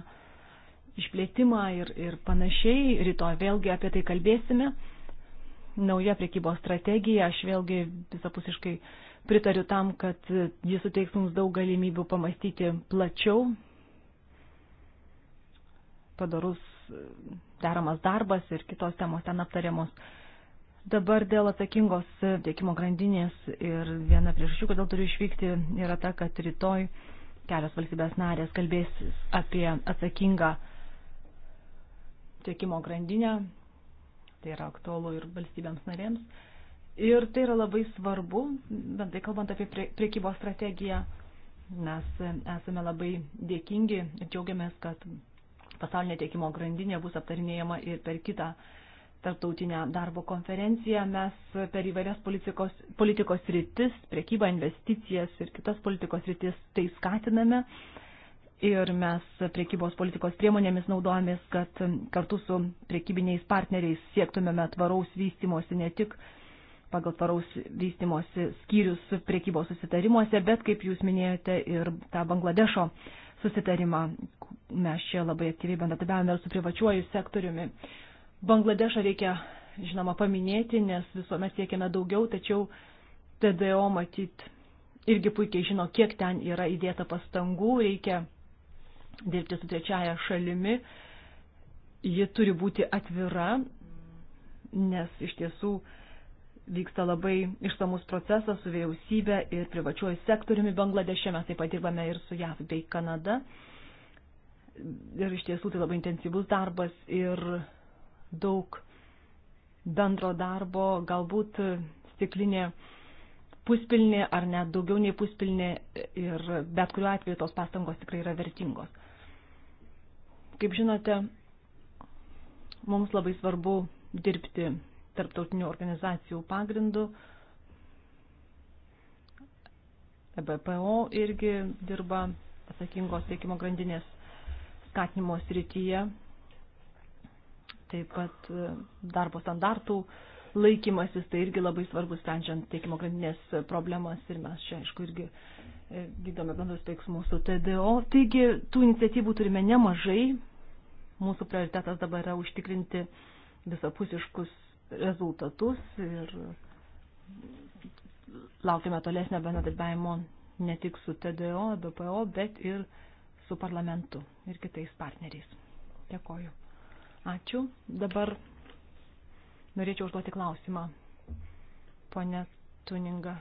išplėtimą ir, ir panašiai. Rytoj vėlgi apie tai kalbėsime. Nauja priekybos strategija, aš vėlgi visapusiškai pritariu tam, kad jis suteiks mums daug galimybių pamastyti plačiau. Padarus e, deramas darbas ir kitos temos ten aptariamos Dabar dėl atsakingos tiekimo grandinės ir viena priežasčių, kodėl turiu išvykti, yra ta, kad rytoj kelios valstybės narės kalbės apie atsakingą tiekimo grandinę, tai yra aktualu ir valstybėms narėms. Ir tai yra labai svarbu, bendrai kalbant apie priekybos strategiją, mes esame labai dėkingi ir džiaugiamės, kad pasaulinė tiekimo grandinė bus aptarinėjama ir per kitą tarptautinę darbo konferenciją, mes per įvairias politikos, politikos rytis, priekybą, investicijas ir kitas politikos rytis tai skatiname. Ir mes priekybos politikos priemonėmis naudojamės, kad kartu su priekybiniais partneriais siektumėme tvaraus vystimosi ne tik pagal tvaraus vystimosi skyrius priekybos susitarimuose, bet, kaip jūs minėjote, ir tą Bangladešo susitarimą. Mes čia labai aktyviai bendratabiavome ir su privačiuoju sektoriumi. Bangladešą reikia, žinoma, paminėti, nes visuomet siekiame daugiau, tačiau TDO matyt irgi puikiai žino, kiek ten yra įdėta pastangų, reikia dirbti su trečiaja šalimi, ji turi būti atvira, nes iš tiesų vyksta labai išsamus procesas su vyriausybė ir privačiuoju sektoriumi Bangladešė, mes taip pat dirbame ir su JAV bei Kanada. Ir iš tiesų tai labai intensyvus darbas ir daug bendro darbo, galbūt stiklinė puspilnė ar net daugiau nei puspilnė ir bet kuriuo atveju tos pastangos tikrai yra vertingos. Kaip žinote, mums labai svarbu dirbti tarptautinių organizacijų pagrindu. E BPO irgi dirba atsakingos teikimo grandinės skatinimo srityje taip pat e, darbo standartų laikymasis, tai irgi labai svarbus sprendžiant tiekimo grandinės problemas ir mes čia, aišku, irgi e, vykdome bendrus veiksmus su TDO. Taigi, tų iniciatyvų turime nemažai. Mūsų prioritetas dabar yra užtikrinti visapusiškus rezultatus ir laukiame tolesnio bendradarbiavimo ne tik su TDO, BPO, bet ir su parlamentu ir kitais partneriais. Dėkoju. Ačiū. Dabar norėčiau užduoti klausimą. Pone Tuninga.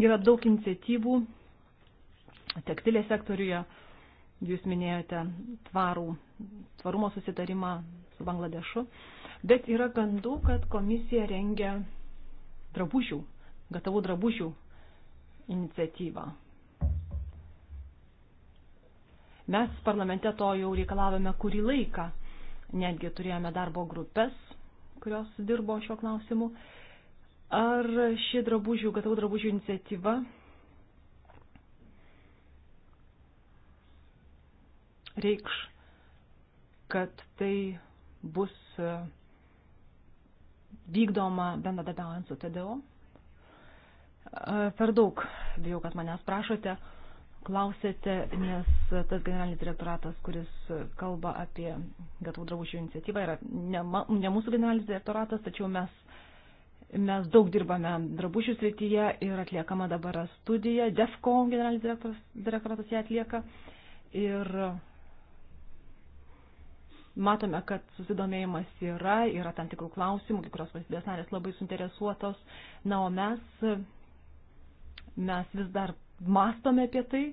Yra daug iniciatyvų tekstilės sektoriuje. Jūs minėjote tvarų, tvarumo susitarimą su Bangladešu. Bet yra gandų, kad komisija rengia drabužių, gatavų drabužių iniciatyvą. Mes parlamente to jau reikalavome kurį laiką. Netgi turėjome darbo grupės, kurios dirbo šiuo klausimu. Ar ši drabužių, gatavų drabužių iniciatyva reikš, kad tai bus e, vykdoma bendradarbiaujant su TDO? E, per daug bijau, kad manęs prašote klausėte, nes tas generalinis direktoratas, kuris kalba apie gatvų drabužių iniciatyvą, yra ne, ne mūsų generalinis direktoratas, tačiau mes, mes daug dirbame drabužių srityje ir atliekama dabar studija, DEFCO generalinis direktoratas ją atlieka ir matome, kad susidomėjimas yra, yra tam tikrų klausimų, kai kurios valstybės narės labai suinteresuotos, na, o mes, mes vis dar mastome apie tai.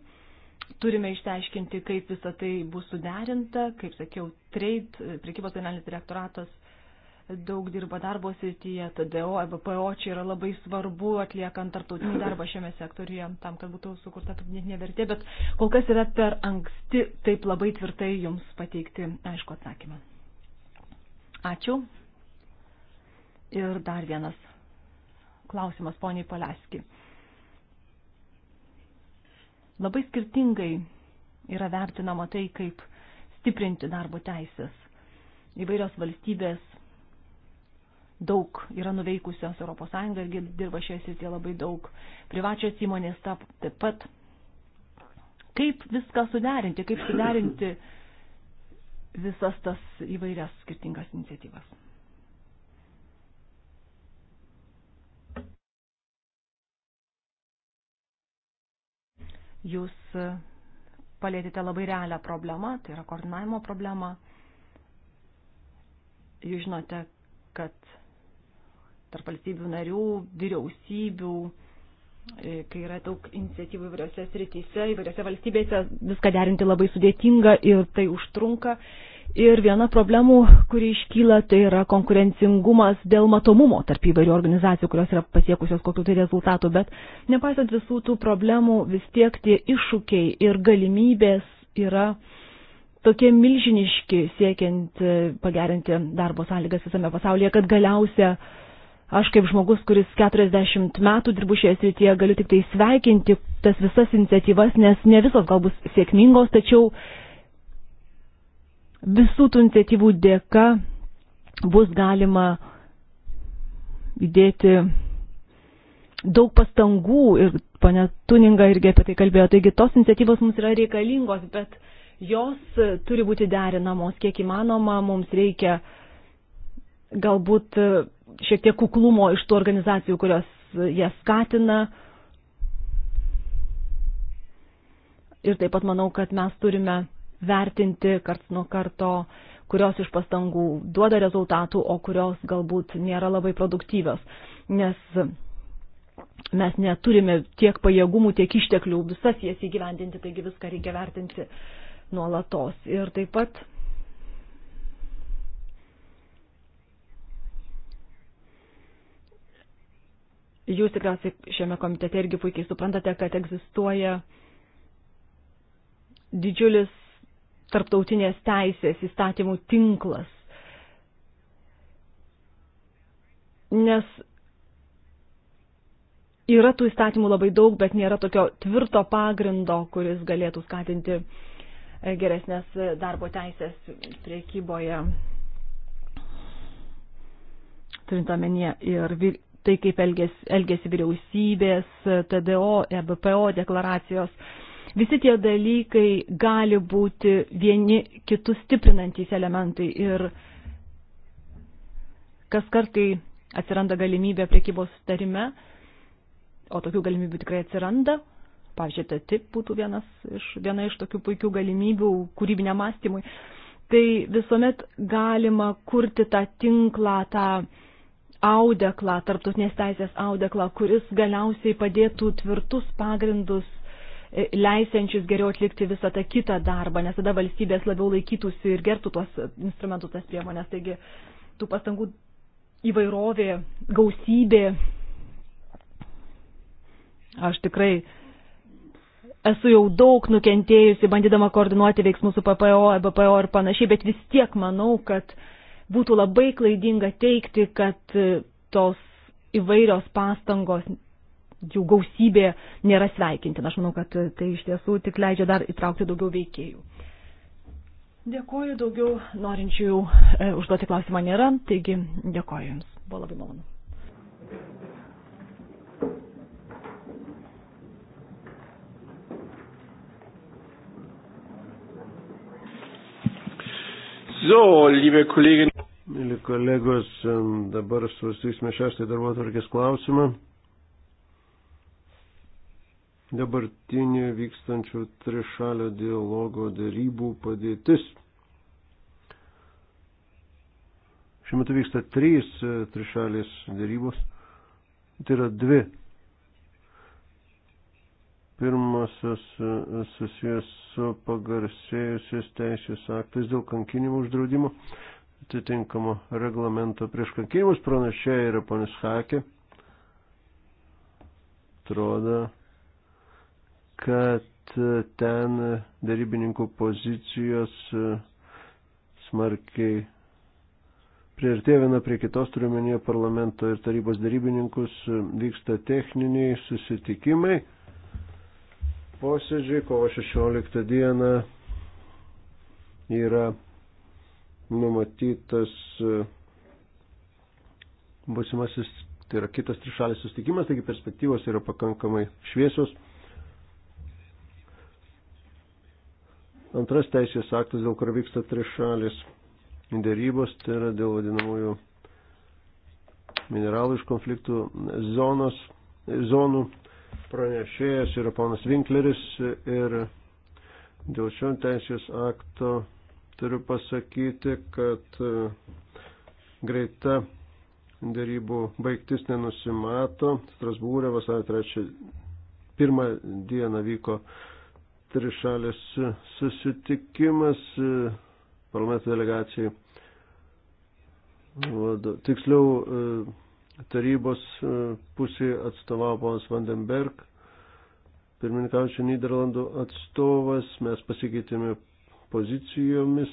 Turime išteiškinti, kaip visa tai bus suderinta. Kaip sakiau, trade, prekybos generalinis direktoratas daug dirba darbo srityje, TDO, EBPO čia yra labai svarbu atliekant tarptautinį darbą šiame sektoriuje, tam, kad būtų sukurta pridėtinė vertė, bet kol kas yra per anksti taip labai tvirtai jums pateikti aišku atsakymą. Ačiū. Ir dar vienas klausimas poniai Paleski. Labai skirtingai yra vertinama tai, kaip stiprinti darbo teisės. Įvairios valstybės daug yra nuveikusios ES irgi dirba šioje srityje labai daug. Privačios įmonės taip pat. Kaip viską suderinti, kaip suderinti visas tas įvairias skirtingas iniciatyvas. Jūs e, palėtėte labai realią problemą, tai yra koordinavimo problema. Jūs žinote, kad tarp valstybių narių, vyriausybių, e, kai yra daug iniciatyvų įvairiose srityse, įvairiose valstybėse, viską derinti labai sudėtinga ir tai užtrunka. Ir viena problemų, kuri iškyla, tai yra konkurencingumas dėl matomumo tarp įvairių organizacijų, kurios yra pasiekusios kokiu tai rezultatu, bet nepaisant visų tų problemų, vis tiek tie iššūkiai ir galimybės yra tokie milžiniški siekiant e, pagerinti darbo sąlygas visame pasaulyje, kad galiausia aš kaip žmogus, kuris 40 metų dirbu šioje srityje, galiu tik tai sveikinti tas visas iniciatyvas, nes ne visos galbūt sėkmingos, tačiau Visų tų iniciatyvų dėka bus galima įdėti daug pastangų ir ponė Tuninga irgi apie tai kalbėjo. Taigi tos iniciatyvos mums yra reikalingos, bet jos turi būti derinamos kiek įmanoma, mums reikia galbūt šiek tiek kuklumo iš tų organizacijų, kurios jas skatina. Ir taip pat manau, kad mes turime vertinti karts nuo karto, kurios iš pastangų duoda rezultatų, o kurios galbūt nėra labai produktyvios. Nes mes neturime tiek pajėgumų, tiek išteklių visas jas įgyvendinti, taigi viską reikia vertinti nuolatos. Ir taip pat jūs tikriausiai šiame komitete irgi puikiai suprantate, kad egzistuoja didžiulis tarptautinės teisės įstatymų tinklas. Nes yra tų įstatymų labai daug, bet nėra tokio tvirto pagrindo, kuris galėtų skatinti e, geresnės e, darbo teisės priekyboje. Turint omenyje ir tai, kaip elgėsi, elgėsi vyriausybės, TDO, EBPO deklaracijos Visi tie dalykai gali būti vieni kitus stiprinantys elementai ir kas kartai atsiranda galimybė priekybos sutarime, o tokių galimybių tikrai atsiranda. Pavyzdžiui, tai taip būtų vienas iš, viena iš tokių puikių galimybių kūrybiniam mąstymui. Tai visuomet galima kurti tą tinklą, tą audeklą, tarptautinės teisės audeklą, kuris galiausiai padėtų tvirtus pagrindus E, leisiančius geriau atlikti visą tą kitą darbą, nes tada valstybės labiau laikytųsi ir gertų tuos instrumentus, tas priemonės. Taigi tų pastangų įvairovė, gausybė. Aš tikrai esu jau daug nukentėjusi, bandydama koordinuoti veiksmus su PPO, EBPO ir panašiai, bet vis tiek manau, kad būtų labai klaidinga teikti, kad tos įvairios pastangos jų gausybė nėra sveikintina. Aš manau, kad tai iš tiesų tik leidžia dar įtraukti daugiau veikėjų. Dėkoju, daugiau norinčių e, užduoti klausimą nėra, taigi dėkoju Jums. Buvo labai malonu. So, liebe Kolleginnen. Mėly kolegos, dabar svarstysime šeštąjį darbo atvarkės klausimą dabartinė vykstančio trišalio dialogo darybų padėtis. Šiuo metu vyksta trys e, trišalės darybos. Tai yra dvi. Pirmasis e, susijęs su pagarsėjusiais teisės aktais dėl kankinimo uždraudimo, atitinkamo reglamento prieš kankinimus pranašė yra panis Hakė. Atrodo, kad ten darybininkų pozicijos e, smarkiai priartėjo viena prie kitos, turiuomenėje parlamento ir tarybos darybininkus, e, vyksta techniniai susitikimai, posėdžiai, kovo 16 dieną yra numatytas e, būsimasis, tai yra kitas trišalis susitikimas, taigi perspektyvos yra pakankamai šviesos. Antras teisės aktas, dėl kurio vyksta trišalis dėrybos, tai yra dėl vadinamųjų mineralų iš konfliktų zonos, zonų pranešėjas yra ponas Winkleris ir dėl šio teisės akto turiu pasakyti, kad e, greita dėrybų baigtis nenusimato. Strasbūrė vasario 3 pirmą dieną vyko trišalės susitikimas e, parlamento delegacijai, tiksliau e, tarybos e, pusėje atstovavo ponas Vandenberg, pirmininkaujančio Niderlandų atstovas, mes pasikeitėme pozicijomis,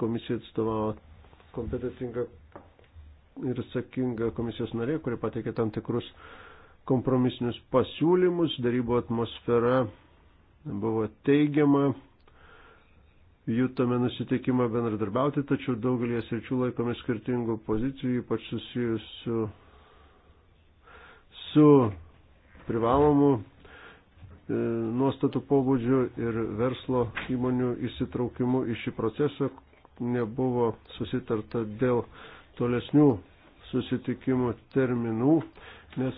komisija atstovavo kompetitinga ir atsakinga komisijos narė, kuri pateikė tam tikrus kompromisinius pasiūlymus, darybo atmosfera buvo teigiama, jutome nusiteikimą bendradarbiauti, tačiau daugelį sričių laikome skirtingų pozicijų, ypač susijusių su, su privalomu e, nuostatų pobūdžių ir verslo įmonių įsitraukimu į šį procesą nebuvo susitarta dėl tolesnių susitikimų terminų, nes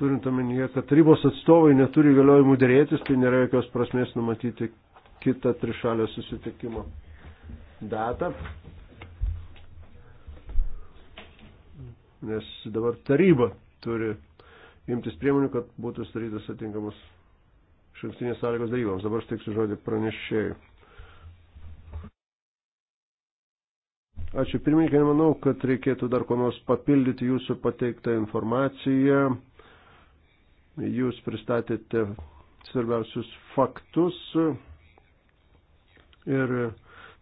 turint omenyje, kad tarybos atstovai neturi galiojimų dėrėtis, tai nėra jokios prasmės numatyti kitą trišalio susitikimo datą. Nes dabar taryba turi imtis priemonių, kad būtų sudarytas atinkamas šimtinės sąlygos dalyvams. Dabar aš teiksiu žodį pranešėjai. Ačiū pirmininkai, manau, kad reikėtų dar ko nors papildyti jūsų pateiktą informaciją. Jūs pristatėte svarbiausius faktus ir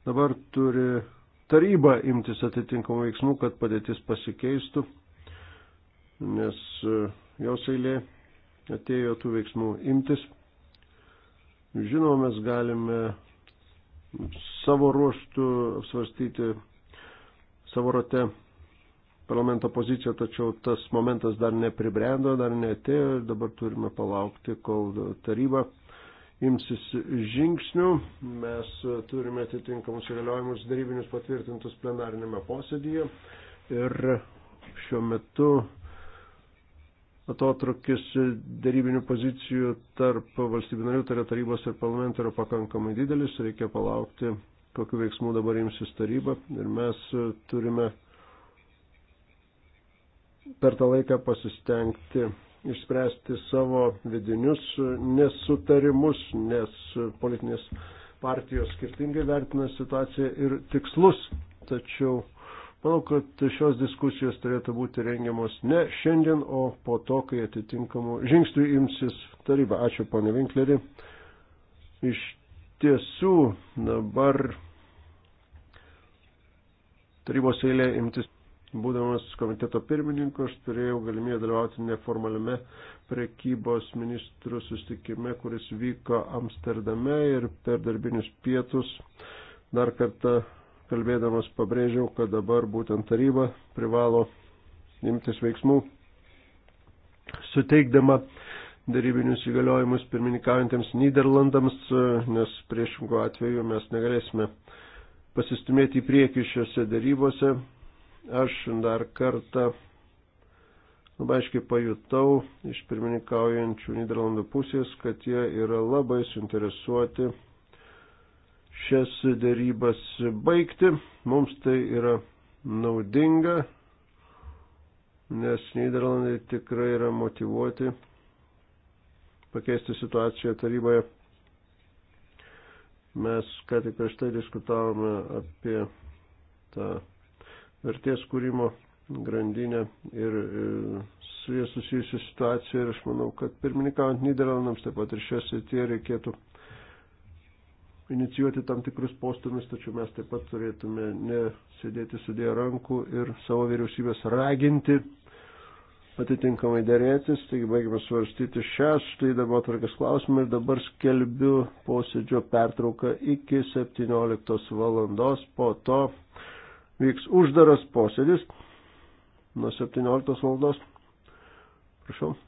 dabar turi taryba imtis atitinkamų veiksmų, kad padėtis pasikeistų, nes jos eilė atėjo tų veiksmų imtis. Žinoma, mes galime savo ruoštų apsvarstyti savo rate parlamento poziciją, tačiau tas momentas dar nepribrendo, dar neatėjo ir dabar turime palaukti, kol taryba imsis žingsnių. Mes turime atitinkamus įgaliojimus darybinius patvirtintus plenarinėme posėdyje ir šiuo metu atotrukis darybinių pozicijų tarp valstybių narių, tai yra tarybos ir parlamento yra pakankamai didelis, reikia palaukti, kokiu veiksmu dabar imsis taryba ir mes turime per tą laiką pasistengti išspręsti savo vidinius nesutarimus, nes politinės partijos skirtingai vertina situaciją ir tikslus. Tačiau manau, kad šios diskusijos turėtų būti rengiamos ne šiandien, o po to, kai atitinkamų žingsnių imsis taryba. Ačiū, ponė Vinkleri. Iš tiesų dabar tarybos eilė imtis. Būdamas komiteto pirmininku, aš turėjau galimybę dalyvauti neformaliame prekybos ministrų sustikime, kuris vyko Amsterdame ir per darbinius pietus. Dar kartą kalbėdamas pabrėžiau, kad dabar būtent taryba privalo imtis veiksmų, suteikdama darybinius įgaliojimus pirmininkaujantiems Niderlandams, nes priešingų atveju mes negalėsime pasistumėti į priekį šiuose darybose. Aš dar kartą labai aiškiai pajutau iš pirmininkaujančių Niderlandų pusės, kad jie yra labai suinteresuoti šias dėrybas baigti. Mums tai yra naudinga, nes Niderlandai tikrai yra motivuoti pakeisti situaciją taryboje. Mes ką tik prieš tai diskutavome apie tą vertės kūrimo grandinę ir e, su jie susijusi situacija ir aš manau, kad pirmininkavant Niderlandams taip pat ir šios srityje reikėtų inicijuoti tam tikrus postumis, tačiau mes taip pat turėtume ne sėdėti sudėję rankų ir savo vyriausybės raginti atitinkamai dėrėtis. Taigi baigime svarstyti šią, štai dabar tvarkės klausimą ir dabar skelbiu posėdžio pertrauką iki 17 valandos po to vyks uždaras posėdis nuo 17 valandos. Prašau.